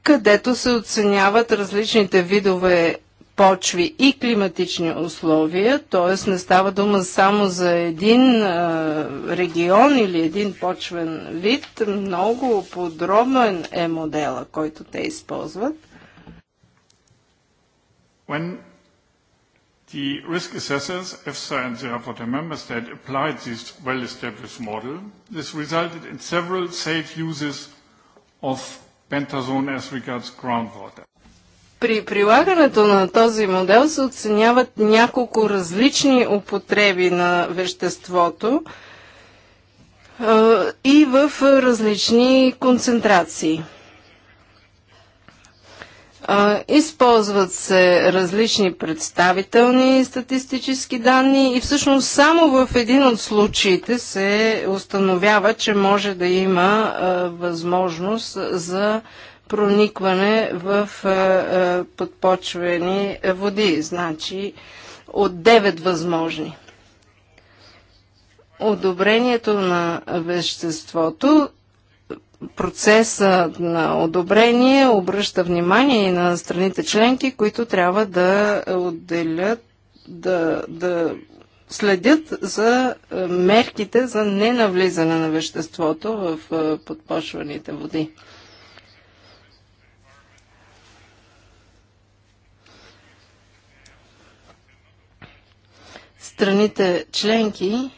където се оценяват различните видове почви и климатични условия, т.е. не става дума само за един регион или един почвен вид. Много подробен е модела, който те използват – When the risk assessors, EFSA and the rapporteur member state, applied this well-established model, this resulted in several safe uses of pentazone as regards groundwater. При прилагането на този модел се оценяват няколко различни употреби на веществото и в различни концентрации. Използват се различни представителни статистически данни и всъщност само в един от случаите се установява, че може да има възможност за проникване в подпочвени води, значи от 9 възможни. Одобрението на веществото процеса на одобрение обръща внимание и на страните членки, които трябва да отделят, да, да следят за е, мерките за ненавлизане на веществото в е, подпочваните води. Страните членки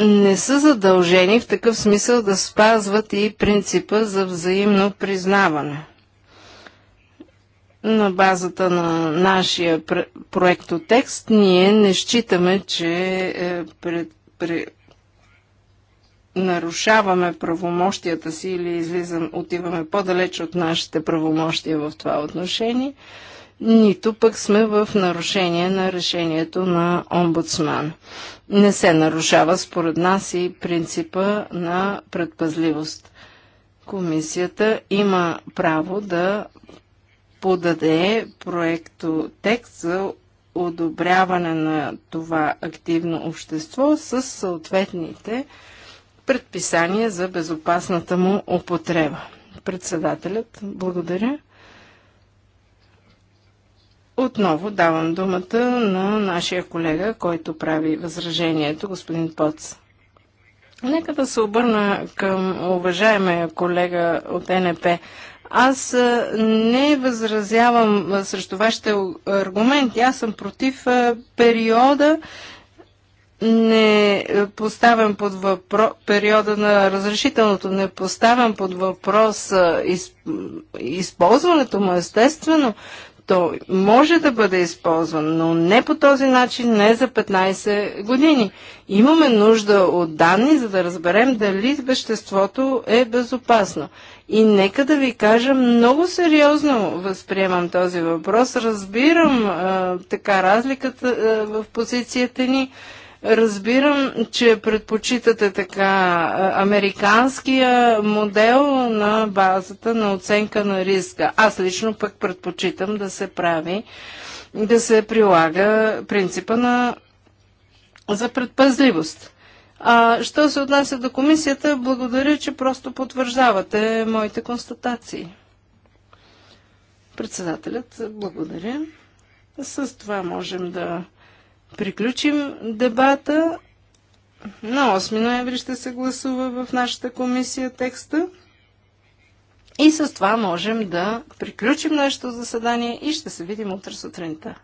не са задължени в такъв смисъл да спазват и принципа за взаимно признаване. На базата на нашия проектотекст ние не считаме, че е, пред, пред, нарушаваме правомощията си или излизам, отиваме по-далеч от нашите правомощия в това отношение – нито пък сме в нарушение на решението на омбудсман. Не се нарушава според нас и принципа на предпазливост. Комисията има право да подаде проекто текст за одобряване на това активно общество с съответните предписания за безопасната му употреба. Председателят, благодаря. Отново давам думата на нашия колега, който прави възражението, господин Поц. Нека да се обърна към уважаемия колега от НП. Аз не възразявам срещу вашите аргументи. Аз съм против периода, не поставям под въпрос периода на разрешителното, не поставям под въпрос из, използването му естествено, то може да бъде използван, но не по този начин, не за 15 години. Имаме нужда от данни, за да разберем дали веществото е безопасно. И нека да ви кажа, много сериозно възприемам този въпрос. Разбирам а, така разликата а, в позицията ни Разбирам, че предпочитате така американския модел на базата на оценка на риска. Аз лично пък предпочитам да се прави, да се прилага принципа на, за предпазливост. А, що се отнася до комисията, благодаря, че просто потвърждавате моите констатации. Председателят, благодаря. С това можем да приключим дебата. На 8 ноември ще се гласува в нашата комисия текста. И с това можем да приключим нашето заседание и ще се видим утре сутринта.